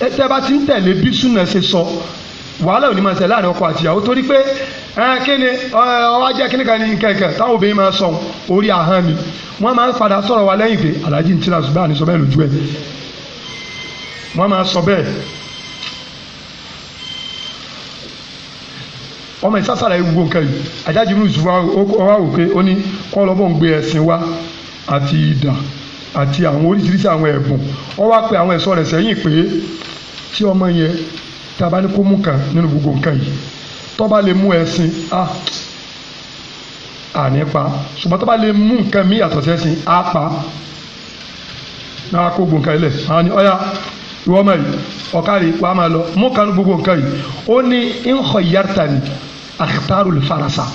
ẹ tẹ́ bá ti ń tẹ̀lé sọ wàhálà ò ní máa ṣe láàrin ọkọ àti ìyàwó torí pé kíni ọwọ́ jẹ́ kíni kan ní kẹ̀kẹ́ táwọn obìnrin máa sọ orí ahọ́n mi wọ́n máa ń padà sọ̀rọ̀ wa lẹ́yìn pé aláàjì ń tíra ṣùgbọ́n àní sọ bẹ́ẹ̀ lójú ẹ̀ wọ́n máa sọ bẹ́ẹ̀ ọmọ ìsásàlà ewu nǹkan yìí ajájú ní ìṣúwà ọwọ́ wò pé ó ní kọ́ lọ́bọ̀ ń gbé ẹ̀sìn wa àti ìdà àti àwọn oríṣiríṣi àwọn ẹ̀bùn ó wá àwọn ẹ̀ṣọ́ tàbá ní kó mú kan nínú gbogbo nǹkan yìí tọ́ba lè mú ẹ̀sìn a ànípa ṣùgbọ́n tọ́ba lè mú nǹkan mí yàtọ̀ sí ẹ̀sìn a pa náà kó gbogbo nǹkan ilẹ̀ àwọn ni ọ̀ya ìwọ ọmọ yìí ọ̀kárì wàá máa lọ mú kan gbogbo nǹkan yìí ó ní ńkọ ìyárta ni àkítárù lè farasa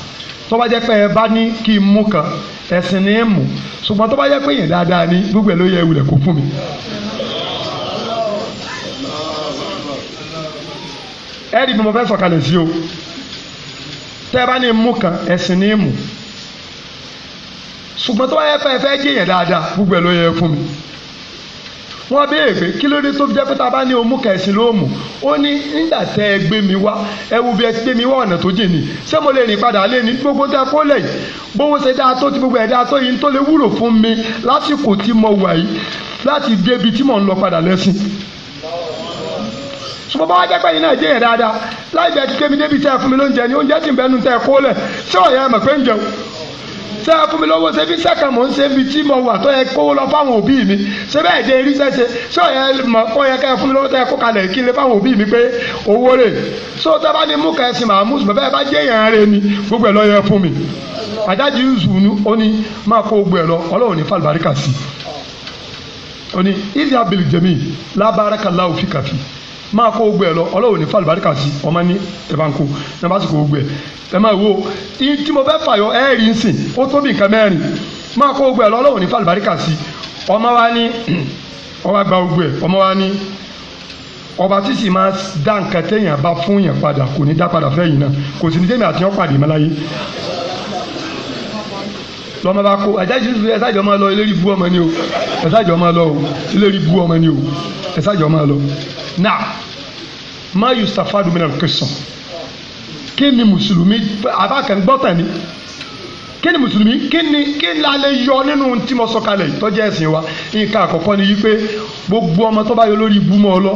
tọ́ba jẹ́ pé ẹ bá ní kí n mú kan ẹ̀sìn ni ẹ mú ṣùgbọ́n tọ́ba jẹ́ pé yẹn dáadáa ni gbogbo ẹ̀ ló yẹ ìwúlẹ̀ kó fún mi. ẹ̀rí bí mo fẹ́ sọ̀kalẹ̀ sí o tẹ́ ẹ bá ní mú kan ẹ̀sìn ní mú ṣùgbọ́n tó bá yẹ fẹ́ fẹ́ jẹ́yẹ̀ dáadáa gbogbo ẹ̀ ló yẹ fún mi wọ́n béèrè pé kí ló dé tó jẹ́ pé tá a bá ní o mú kẹ̀sìn ló mú ó ní nígbà tẹ́ ẹ gbé mi wá ẹ wo bí ẹ ti gbé mi wá ọ̀nà tó jìn ní ṣé mo lè rìn padà lé ní gbogbo tẹ́ kó lẹ̀ yìí bówó ṣe dáa tó ti gbogbo ẹ̀ dáa tó yìí tó lè wúlò fún mi lásìkò tí mo wà yìí láti débi tí mò ń lọ padà lẹ́sìn ṣùgbọ́n bá wá jẹ́ pé ẹ̀yin náà jẹ́ yẹn dáadáa láì bẹ́ẹ̀ ti kémi débi tẹ́ ẹ fún mi lóúnjẹ ni oúnjẹ sì ń bẹ́nu tẹ́ ẹ kó lẹ̀ ṣé ọ̀yà ẹ̀ mọ̀ pé ń jẹun ṣé ẹ fún mi lọ́wọ́ ṣé fi sẹ́kàn mò ń ṣe fi tí mo wà tó yẹ kówó lọ fáwọn òbí mi ṣé bẹ́ẹ̀ dé irí sẹ́ṣe ṣé ọ̀yà ẹ mọ̀ yẹ ká ẹ fún mi lọ́wọ́ tó yẹ kó kalẹ̀ kí lè fáwọn òbí mi pé owó rẹ̀ ṣó tẹ́ bá ní mú ká máa mú ṣùgbọ́n bẹ́ẹ̀ bá jẹ́ yẹn ni gbogbo ẹ̀ lọ́ yẹ fún mi àjáde yusuf ó ní máa kó gbogbo máa kó gbẹ lọ ọlọ́run ní fàlùbáríkà sí ọmọ ní ẹ̀bánkó ẹ bá sì kó gbẹ ẹ máa wo tí mo fẹ́ fàyọ ẹ̀ẹ́rì ń sìn ó tó bí nǹkan mẹ́rin máa kó gbẹ lọ ọlọ́run ní fàlùbáríkà sí ọmọ wa ní ọba gba ogbẹ ọmọ wa ní ọba tí sì máa dá nǹkan téèyàn bá fún yàn padà kò ní dá padà fẹ́yìn náà kò sì ní tẹ́mi àti yàn pàdé mọ́láyé lọmọ bá kó ẹsẹ ìṣúṣu ẹsẹ ìjọ máa lọ eléri bú ọmọ ni o ẹsẹ ìjọ máa lọ o bú ọmọ ni o ẹsẹ ìjọ máa lọ náà má yustafadu minal qissa kí ni mùsùlùmí abákan gbọ́tàn ni kí ni mùsùlùmí kí ni kí la lè yọ nínú tí mo sọ kalẹ̀ tọ́jú ẹ̀sìn wa nǹkan àkọ́kọ́ ni wípé gbogbo ọmọ tó bá yọ lórí ibu mọ́ ọ lọ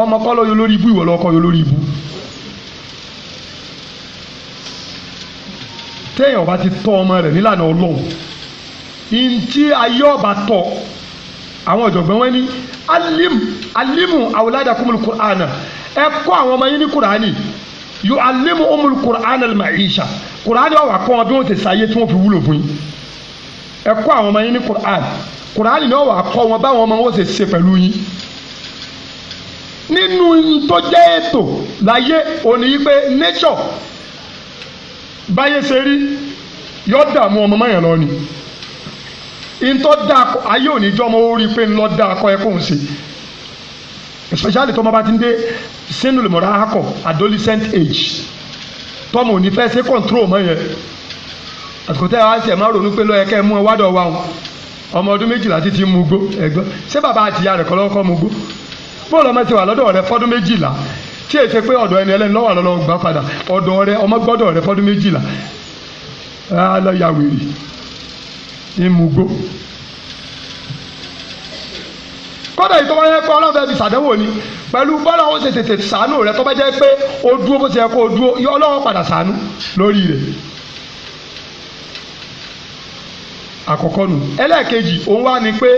ọmọ kọ́ lori, yọ lórí ibu ìwọ lọ́kọ́ yọ lórí ibu. téèyàn bá ti tọ́ ọmọ rẹ̀ nílànà ọlọ́run ntí ayé ọba tọ́ àwọn ọ̀jọ̀gbọ́n wọn ní alim alimu awladakumul qur'ana ẹ kọ́ àwọn ọmọ yín ní kùránì yóò alimu umul qur'ana al-ma'isha kùránì ọ̀wà kọ́ wọn bí wọ́n ti sáyé tí wọ́n fi wúlò fún yín ẹ kọ́ àwọn ọmọ yín ní kùránì kùránì náà kọ́ wọn báwọn ọmọ ṣe ṣe pẹ̀lú yín nínú tó jẹ́ ètò láyé òní yí pé nature báyé ṣe rí yọ dààmú ọmọ mọ́yàn lọ ni ntọ́ da ayé òní jọ́ ọmọ orí pé ńlọ da akọ ẹ kóhùn sí especially tọ́mọ bá ti ń dé sínú lèmọ̀rá akọ adolescent age tọ́mọ òní fẹ́ ṣe control mọ́ yẹn àtùkọ́ tẹ́ ẹ wá sí ẹ̀ máa ronú pé lọ́yẹ kẹ́ ẹ mú ẹ wádọ̀ wa o ọmọ ọdún méjìlá ti ti mú gbó ẹgbẹ́ ṣé bàbá àtìyá rẹ̀ kọ́ lọ́kọ́ mú gbó bóòlù ọmọ ti wà lọ́dọ̀ rẹ̀ fọ́dún méjìlá tí èsè pé ọ̀dọ̀ ẹni ẹlẹ́ni lọ́wọ́ lọ́wọ́ gbà padà ọ̀dọ̀ rẹ̀ ọmọ gbọ́dọ̀ rẹ̀ fọ́dún méjìlá ẹ á lọ ya wèrè ìmùgbò kódà yìí tó wáyé pé ọlọ́run fẹ́ẹ́ fi sàdánwò ni pẹ̀lú bọ́lá wọn ṣe tètè sànú rẹ tó bá jẹ́ pé o dúró bó ṣe yẹ kó o dúró yọ ọlọ́run padà sànú lórí rẹ̀ àkọ́kọ́ nù ẹlẹ́ẹ̀kejì òun wá ni pé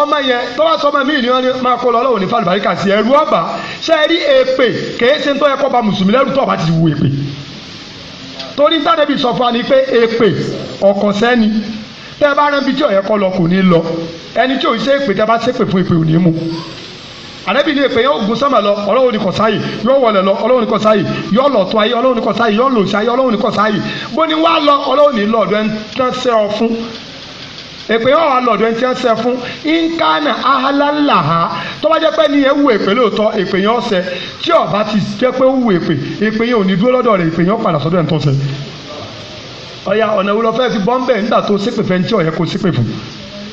ọmọ yẹn tó bá sọmọ mí ni wọn máa kó lọ ọlọ́run ní fàlùbáríkà sí ẹrú ọba ṣe rí èpè kèé ṣe ń tọ́ yẹ kó ba mùsùlùmí lẹ́rù tó ọba ti wu èpè torí sádẹ́bí sọ fún wa ni pé èpè ọ̀kàn sẹ́ni tẹ́ ẹ bá rán bí tí ọ̀yẹ́ kọ́ lọ kò ní lọ ẹni tí ò ń ṣe èpè tẹ́ bá ṣépè fún èpè ò ní mú àdẹ́bí ni èpè yóò gun sọ́mà lọ ọlọ́run ní kò sáyè yóò wọlé lọ ọlọ́run ní kò sáyè yóò lọ tó ayé ọlọ́run ní kò sáyè yóò lò sí ayé ọlọ́run kò sáyè bó ni wá lọ ọlọ́run ní lọ́ọ̀dọ́ ẹ̀ tán sẹ́ ọ fún èpè ọ̀hà lọ́dọ̀ ẹni tí wọ́n sẹ fún nkánà ahalalaha tó bá jẹ́ pé ní ewu èpè lóòótọ́ èpè yẹn ọ̀sẹ̀ tí ọba ti jẹ́ pé wù èpè èpè yẹn ò ní dúró lọ́dọ̀ rẹ̀ èpè yẹn padà sọ́dọ̀ ẹ̀ tó sẹ. ọ̀ya ọ̀nà ìwúlọ fẹ́ fi bọ́ńbẹ́ nígbà tó ṣépè fẹ́ tí ọ̀yẹ́ kó ṣépè fún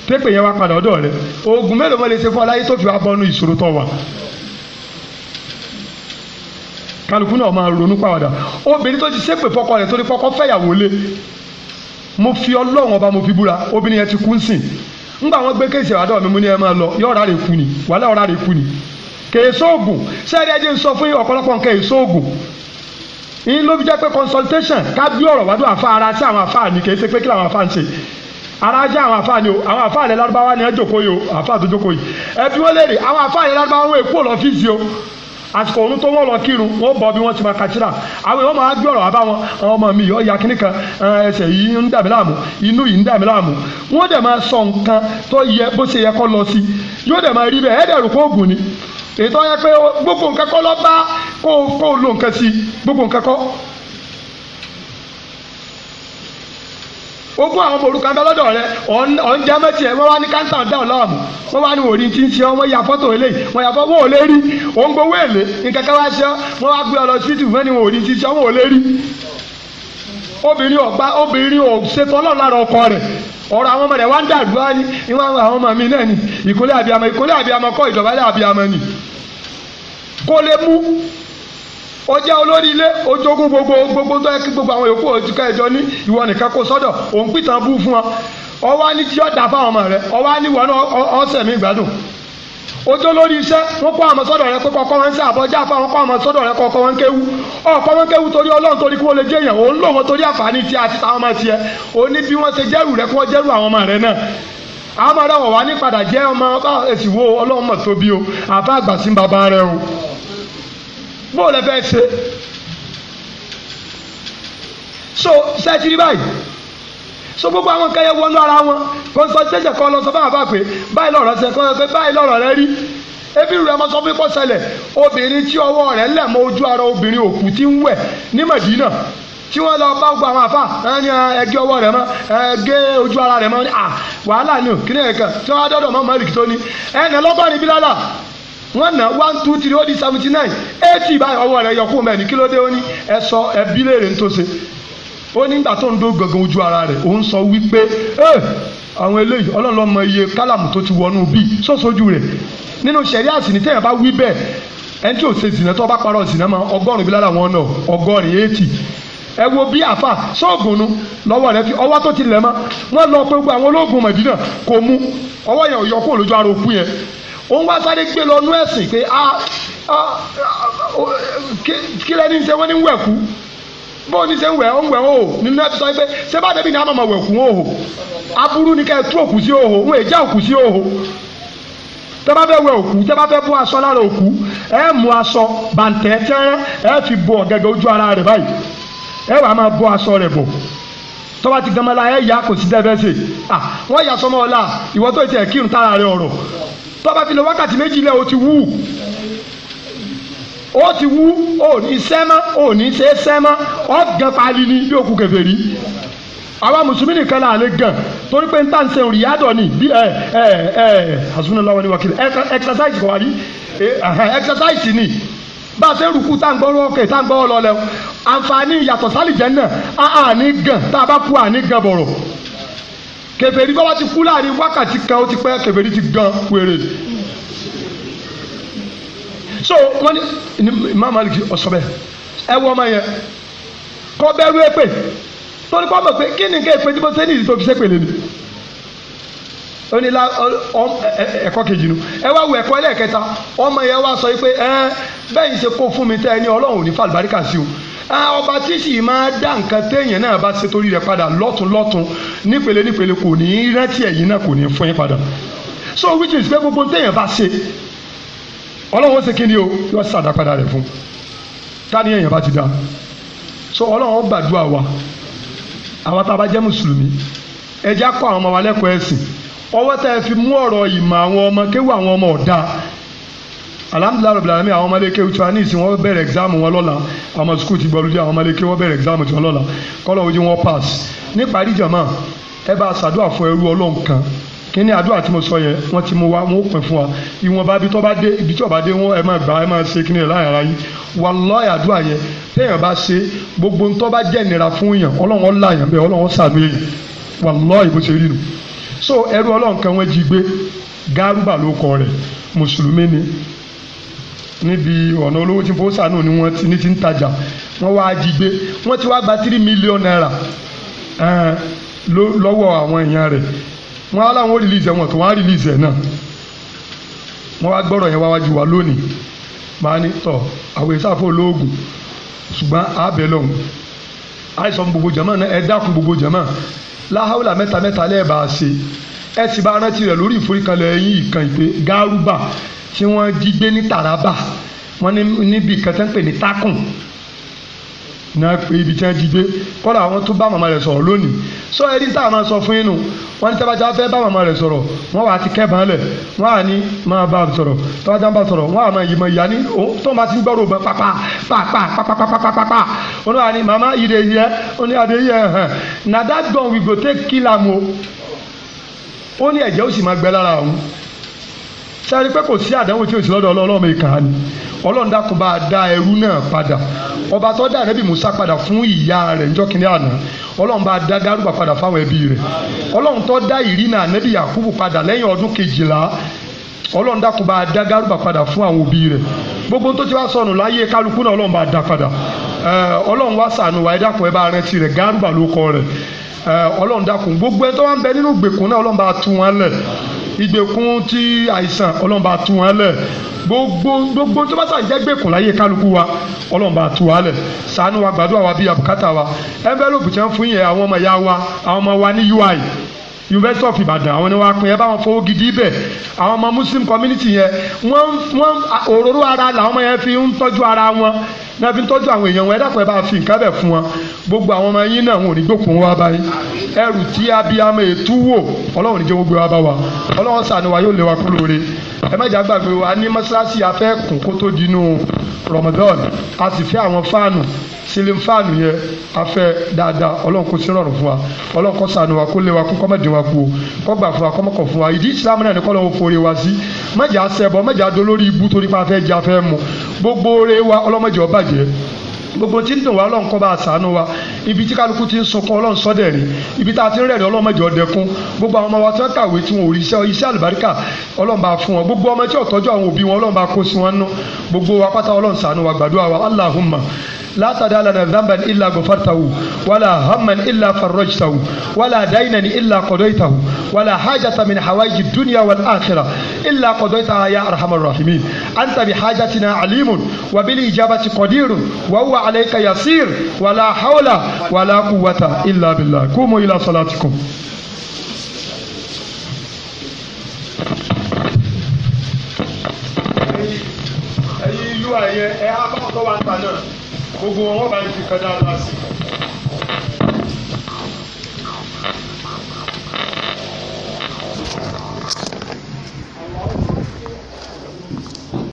tépè yẹn wá padà ọ̀dọ̀ rẹ̀ oògùn mélòó mọ́ lè ṣe fún aláyé tó fi wá bọ́nú ìṣòro tó wà kálukú náà máa ronú pàwàdà obìnrin tó ti ṣépè fọ́kọ rẹ̀ torí fọ́kọ fẹ́yàwó lé mo fi ọlọ́run ọba mo fi búra obìnrin yẹn ti kú ń sìn ńgbà wọn gbé kéèsì àdọ́ mi mú ní ẹ máa lọ yọ̀ọ̀rá rẹ̀ kú ni wàhálà ọ̀rá rẹ̀ kú ni kèèso oògùn sẹ́ẹ̀rì ẹjẹ́ ń sọ fún ọ̀pọ̀lọpọ̀ nǹkan èso yín ló fi jẹ́ pé consultation ká bí ọ̀rọ̀ wádùn àfa ara sí àwọn àfa ni kèé ṣe pé kí làwọn àfa ń ṣe ara jẹ́ àwọn àfa ni o àwọn àfa rẹ̀ lárúbáwá ni ẹ jòkó yìí o àfa tó yìí ẹ fi wọ́n léèrè àwọn àfa rẹ̀ lárúbáwá wọn èkó lọ́fíìsì o àsìkò òun tó wọ́n lọ kírun wọ́n bọ̀ bí wọ́n ti máa kàtírà àwọn èèyàn máa gbé ọ̀rọ̀ wá bá wọn àwọn ọmọ mi yọ̀ọ́ ya kínní kan ẹsẹ̀ yìí ń dà mí láàmú inú yìí ń dà mí láàmú wọ́n dẹ̀ máa sọ nǹkan tó yẹ bó ṣe yẹ kó lọ sí yóò dẹ̀ máa rí bẹ́ẹ̀ ẹ̀ẹ́dẹ̀ rò kó gùn ni ètò yẹ pé gbogbo nǹkan kọ́ lọ bá kó lò nǹkan sí gbogbo nǹkan kọ́ ogún àwọn forúkọ ńbẹ lọ́dọ̀ rẹ jẹ́ mẹ́tì ẹ̀ wọ́n wá ní káńtà ọ̀dá ọ̀lọ́ọ̀mù wọ́n wá ní wòlí tí ń ṣe ọ́ wọ́n ya fọ́tò eléyìí wọ́n ya fọ́tò wọ́n ò lè òun gbowó èlé nǹkan kan wá ṣe ọ́ wọ́n wá gbé ọ lọ síbítù fún ẹni wòlí tí ń ṣe ọ́ wọ́n ò lè obìnrin ọ̀gbá obìnrin ò ṣetán ọkọ rẹ̀ ọ̀rọ̀ àwọn ọmọ rẹ̀ wá ń dàgbà ní ìwọ̀n àwọn ni àbíamọ ọjà olórí ilé ojogún gbogbo gbogbo tó yẹ kí gbogbo àwọn yòókù òjìká ẹjọ ní ìwọ nìkan kó sọ́dọ̀ òun pìtàn bú fún ọ ọwọ́ á ní tí yọ̀dà fáwọn ọmọ rẹ ọwọ́ á ní wọnú ọ̀sẹ̀ mi gbádùn ojó lórí iṣẹ́ wọ́n kọ́ àmọ́ sọ́dọ̀ rẹ pé kọ́kọ́ wọn ń ṣe àbọ̀já fún àwọn kọ́ àmọ́ sọ́dọ̀ rẹ kọ́kọ́ wọn ń kéwu ọ̀kọ́ wọn ń kéwu torí ọlọ́run torí kí wọ́n lè jẹ́ èèyàn òun lò wọ́n torí àǹfààní tiẹ̀ àti táwọn ọmọ tiẹ̀ òun ní bí wọ́n ṣe jẹ́rù rẹ kí wọ́n jẹ́rù àwọn ọmọ rẹ náà àwọn ọmọ rẹ wọ̀ wá ní padà jẹ́ ọmọ èsì wo ọlọ́run mọ̀ tóbi o àbá àgbà sí bàbá rẹ o bóò lẹ fẹ́ ṣe so sẹ́tìrì báyìí so gbogbo àwọn kẹyẹ wọnú ara wọn consultation kan lọ sọ fún àbá pé báyìí lọ̀rọ̀ ṣe kọ́ pé báyìí lọ̀rọ̀ rẹ rí ebi rẹ mọ sọ fún kó ṣẹlẹ̀ obìnrin tí ọwọ́ rẹ̀ lẹ̀ mọ ojú ara obìnrin òkú tí ń wẹ̀ ní Mẹ̀dínà tí wọ́n lọ bá gbogbo àwọn àfa ẹni ẹgẹ́ ọwọ́ rẹ̀ mọ́ ẹgẹ́ ojú ara rẹ̀ mọ́ ni à wàhálà ni ò kí ni ẹ̀kan tí wọ́n á dọ́dọ̀ mọ́ mọ́ ẹ̀rì kí tó ní ẹ̀ wọ́n ná one two three ó di seventy nine eighty báyìí ọwọ́ rẹ̀ yọkú mẹ́rin kí ló dé ó ní ẹ sọ ẹbí léèrè ń tó ṣe ó ní gbà tó ń dó gangan ojú ara rẹ̀ ó ń sọ wípé àwọn eléyìí ọlọ́run ló mọ iye kálàmù tó ti wọnú bíi sóṣojú rẹ̀ nínú sẹ̀rí àsìní téèyàn bá wí bẹ́ẹ̀ ẹni tí ò ṣe zìnà tó bá parọ́ zìnà máa ọgọ́rùn-ún bí lára wọn náà ọgọ́rin eighty ẹ wo bí àfà sóògùn lọ́wọ́ rẹ fi ọwọ́ tó ti lẹ̀ mọ́ wọ́n lọ pé gbogbo àwọn ológun mẹ̀dínà kò mú ọwọ́ yẹn ò yọ kó lójú ara òkú yẹn òun wá sáré gbé lọ nú ẹ̀sìn pé a ah, ah, ah, oh, kí lẹ́ni ṣe wọ́n ní wẹ̀kú bó ní ṣe ń wẹ̀ ó ń wẹ̀ ó nínú ẹ̀sìn sọ pé ṣé bá débi ní a máa wẹ̀kú ó aburú ni ká ẹ tú òkú sí ó hò ń èjá òkú sí ó hò tẹ́ bá fẹ́ wẹ òkú tẹ́ bá fẹ́ bọ́ aṣọ lára òkú ẹ mú aṣọ bàǹtẹ́ tẹ́rẹ́ ẹ fi bọ ọ̀gẹ́gẹ́ ojú ara rẹ̀ báyìí ẹ wàá máa bọ aṣọ rẹ̀ bọ̀ tọ́ba ti gbọmọlá ẹ yà kò sí dẹ́fẹ́ à wọ́n yà sọmọ ọ̀la ìwọ́n tó ti ẹ̀ kírun tára rẹ̀ ọ̀rọ̀ tọ́ba ti lọ wákàtí méjì lẹ́ o ti wú ó ti wú ó ní sẹ́mọ́ ó ní ṣe sẹ́mọ́ ó gan pali ni bí òkú kèfèrí àwa mùsùlùmí nìkan là lè gan torí pé n tà ń sẹ́wọ̀n rìádọ̀ ni bí ẹ ẹ ẹ hasbunallahu ni wakil exercise kọ̀ wá rí e, exercise ni bá a ṣe rúkú tá à ń gbọ́ lókè tá à ń gbọ́ lọ́lẹ́ àǹfààní yàtọ̀ sálì náà a ní gan tá a bá kú à ní gan bọ̀rọ̀ kèfèrí bá wá ti kú láàrin wákàtí kan ó ti pẹ́ kèfèrí ti gan wèrè so wọ́n ní Imam Malik ọ̀sọ́ bẹ́ẹ̀ ẹ wọ ọmọ yẹn kọ́ bẹ́ẹ̀ rú èpè torí kọ́ mọ̀ pé kí ni nǹkan èpè tí mo ṣe ní ìdí tó fi ṣépè lé mi onílà ẹ̀kọ́ kejì nu ẹ wá wo ẹ̀kọ́ ẹlẹ́ẹ̀kẹta ọmọ yẹn wá sọ pé ẹ bẹ́ẹ̀ ń ṣe kó fún mi tẹ́ ẹ ní ọlọ́run ní fàlùbáríkà sí o Ah, ọba tí sì máa dá nǹkan téèyàn náà bá ṣe torí rẹ̀ padà lọ́tún lọ́tún nípele nípele kò ní í rántí ẹ̀yìn náà kò ní í fún yín padà so which is pé gbogbo téèyàn bá ṣe ọlọ́run ṣe kíni o yọ ṣàdápadà rẹ̀ fún tani èèyàn bá ti dá so ọlọ́run gbàdúrà wa àwọn tá a bá jẹ́ mùsùlùmí ẹ jẹ́ kọ́ àwọn ọmọ wa lẹ́kọ̀ọ́ ẹ̀sìn ọwọ́ tá ẹ fi mú ọ̀rọ̀ ìmọ̀ àwọn ọmọ kéwọ́ àwọn ọmọ ọ̀dà alhamdulilayi rabil alamin àwọn ọmọlẹ́kẹ́ tí wọ́n ní ìsìn wọ́n exam wọn lọ́la àwọn sukùl ti gbọ́dọ̀ jẹ́ àwọn ọmọlẹ́kẹ́ wọ́n bẹ̀rẹ̀ exam tiwọn lọ́la kọ́lọ̀ ojú wọn pass nípa ìjọba ẹ bá ṣàdúrà fún ẹrú ọlọ́run kan kíní àdúrà tí mo sọ yẹn wọ́n ti mú wa wọ́n ó pè fún wa ìwọ̀nba ibi tó bá dé ibi tó bá dé wọ́n ẹ máa gbà ẹ máa ṣe kíní láyà ara yín wà lọ́ọ̀yà àdúrà yẹn téèyàn bá ṣe gbogbo ń bá jẹ́ ìnira fún yàn ọlọ́run ó bẹ́ẹ̀ ọlọ́run ṣàánú yàn wà lọ́ọ̀yà bó ṣe rí nu so ẹrú ọlọ́run kan wọ́n jí gbé gárúbà ló kọ rẹ̀ mùsùlùmí ni níbi ọ̀nà olówó tí fowó sànù ni wọ́n ti ní ti ń tajà wọ́n wá jí gbé wọ́n ti wá gba three million naira eh, lọ́wọ́ àwọn èèyàn rẹ̀ wọ́n á láwọn ó release wọn tó wọ́n á release náà wọ́n wá gbọ́rọ̀ yẹn wá wájú wa lónìí máa ní tọ̀ àwọn ìsáfò olóògùn ṣùgbọ́n àbẹ̀ lọ́hùn àìsàn gbogbo jẹ̀mọ́ náà ẹ dákun gbogbo jẹ̀mọ́ láhàúlà mẹ́ta mẹ́ta lẹ́ẹ̀bà ṣe ẹ sì bá rántí rẹ̀ lórí ìforíkalẹ̀ ẹ̀yìn ìkànnì pé gárúbà tí wọ́n jí gbé ní Taraba wọ́n ní níbi kan tó ń pè ní takùn náà pé ibi tí wọ́n jí gbé kọ́dà àwọn tó bá màmá rẹ̀ sọ̀rọ̀ lónìí sọ ẹni tá a máa sọ fún inú wọ́n ní tí a bá já fẹ́ bá màmá rẹ̀ sọ̀rọ̀ wọ́n wà á ti kẹ́bàá lẹ̀ wọ́n á ní máa bá a sọ̀rọ̀ tó bá já bá sọ̀rọ̀ wọ́n á máa yìí máa ní tó máa ti ń gbọ́rọ̀ bọ́n pàpà pàpà pàpà pàpà pàpà wọn wà ní màmá ìdè yẹ ó adé yẹ hàn na that gun we go take kill am o ó ní ẹ̀jẹ̀ ó sì máa gbẹ lára òun sẹ́ni pé kò sí àdánwò tí o sì lọ́dọ̀ ọlọ́run ni ọlọ́run dákun bá a dá ẹrú náà padà ọba tó dá Musa padà fún ìyá rẹ̀ níjọ́ kínní àná ọlọ́run bá a dá Gárúbà padà fáwọn ẹbí rẹ̀ ọlọ́run tó dá Yakubu padà lẹ́yìn ọdún kejìlá ọlọ́run dákun bá a dá padà fún àwọn òbí rẹ̀ gbogbo tó ti wá sọnù láyé kálukú náà ọlọ́run bá a dá padà ọlọ́run wá ṣàánú wa dákun ẹ bá gbogbo ìgbèkùn ti àìsàn ọlọ́run bá tú wọn lẹ̀ gbogbo gbogbo tó bá sàn jẹ́ gbèkùn láyé kálukú wa ọlọ́run bá tú wa lẹ̀ ṣàánú wa gbàdúrà wa bí àbùkátà wa ẹnvẹ́lópù tí wọ́n fún yẹn àwọn ọmọ ìyá wa àwọn ọmọ wa ní UI university of ibadan àwọn ni wọn apin ẹ bá wọn fowó gidi bẹ àwọn ọmọ muslim community yẹn wọn wọn òróró ara làwọn ọmọ yẹn fi ń tọ́jú ara wọn náà fi ń tọ́jú àwọn èèyàn wọn ẹ dákun ẹ bá fi nǹkan bẹ̀ fún wọn gbogbo àwọn ọmọ yín náà wọn ò ní gbókun wá báyìí ẹrù tí abiyamọ ètú wò ọlọ́run níjẹ́ gbogbo wa bá wa ọlọ́run ṣàánú wa yóò lé wa kúrò re ẹ má gbàgbé wa ní mọ́ṣáláṣí afẹ́ kùn kó tó dinú Ramadan a sì fẹ́ àwọn fáànù sílẹ̀ fáànù yẹn afẹ́ dáadáa ọlọ́run kó sí rọrùn fún wa ọlọ́run kó ṣàánú wa kó lé wa kú kó má dín wa kú kó gbà fún wa kó má kọ̀ fún wa ìdí ìsìlámù náà ní kọ́ lọ́wọ́ forí wa sí má sẹ́bọ̀ má dolórí ibú torí pa afẹ́ jẹ afẹ́ mu gbogbo ore wa ọlọ́mọdé ọba bàjẹ́ gbogbo tí ń dùn wá ọlọ́run kọ́ bá a sànú wa ibi tí kálukú ti ń sunkún ọlọ́run sọ́dẹ̀ rí ibi tá a ti ń rẹ̀rẹ̀ ọlọ́run mẹ́jọ dẹkún gbogbo àwọn ọmọ wa tí wọ́n kàwé tí wọ́n ò rí iṣẹ́ iṣẹ́ àlùbáríkà ọlọ́run bá fún wọn gbogbo ọmọ tí ó tọ́jú àwọn òbí wọn ọlọ́run bá kó sí wọn nú gbogbo wa pátá ọlọ́run sànú wa gbàdúrà wa Allahumma لا تدع لنا ذنبا إلا غفرته ولا هما إلا فرجته ولا دينا إلا قضيته ولا حاجة من حوائج الدنيا والآخرة إلا قضيتها يا أرحم الراحمين أنت بحاجتنا عليم وبالإجابة قدير وهو عليك يسير ولا حول ولا قوة إلا بالله قوموا إلى صلاتكم ẹyin ẹ á bá ọ̀tọ̀ wa náà gbogbo wọn wọ́n bá ń fi kan dáadáa sí i.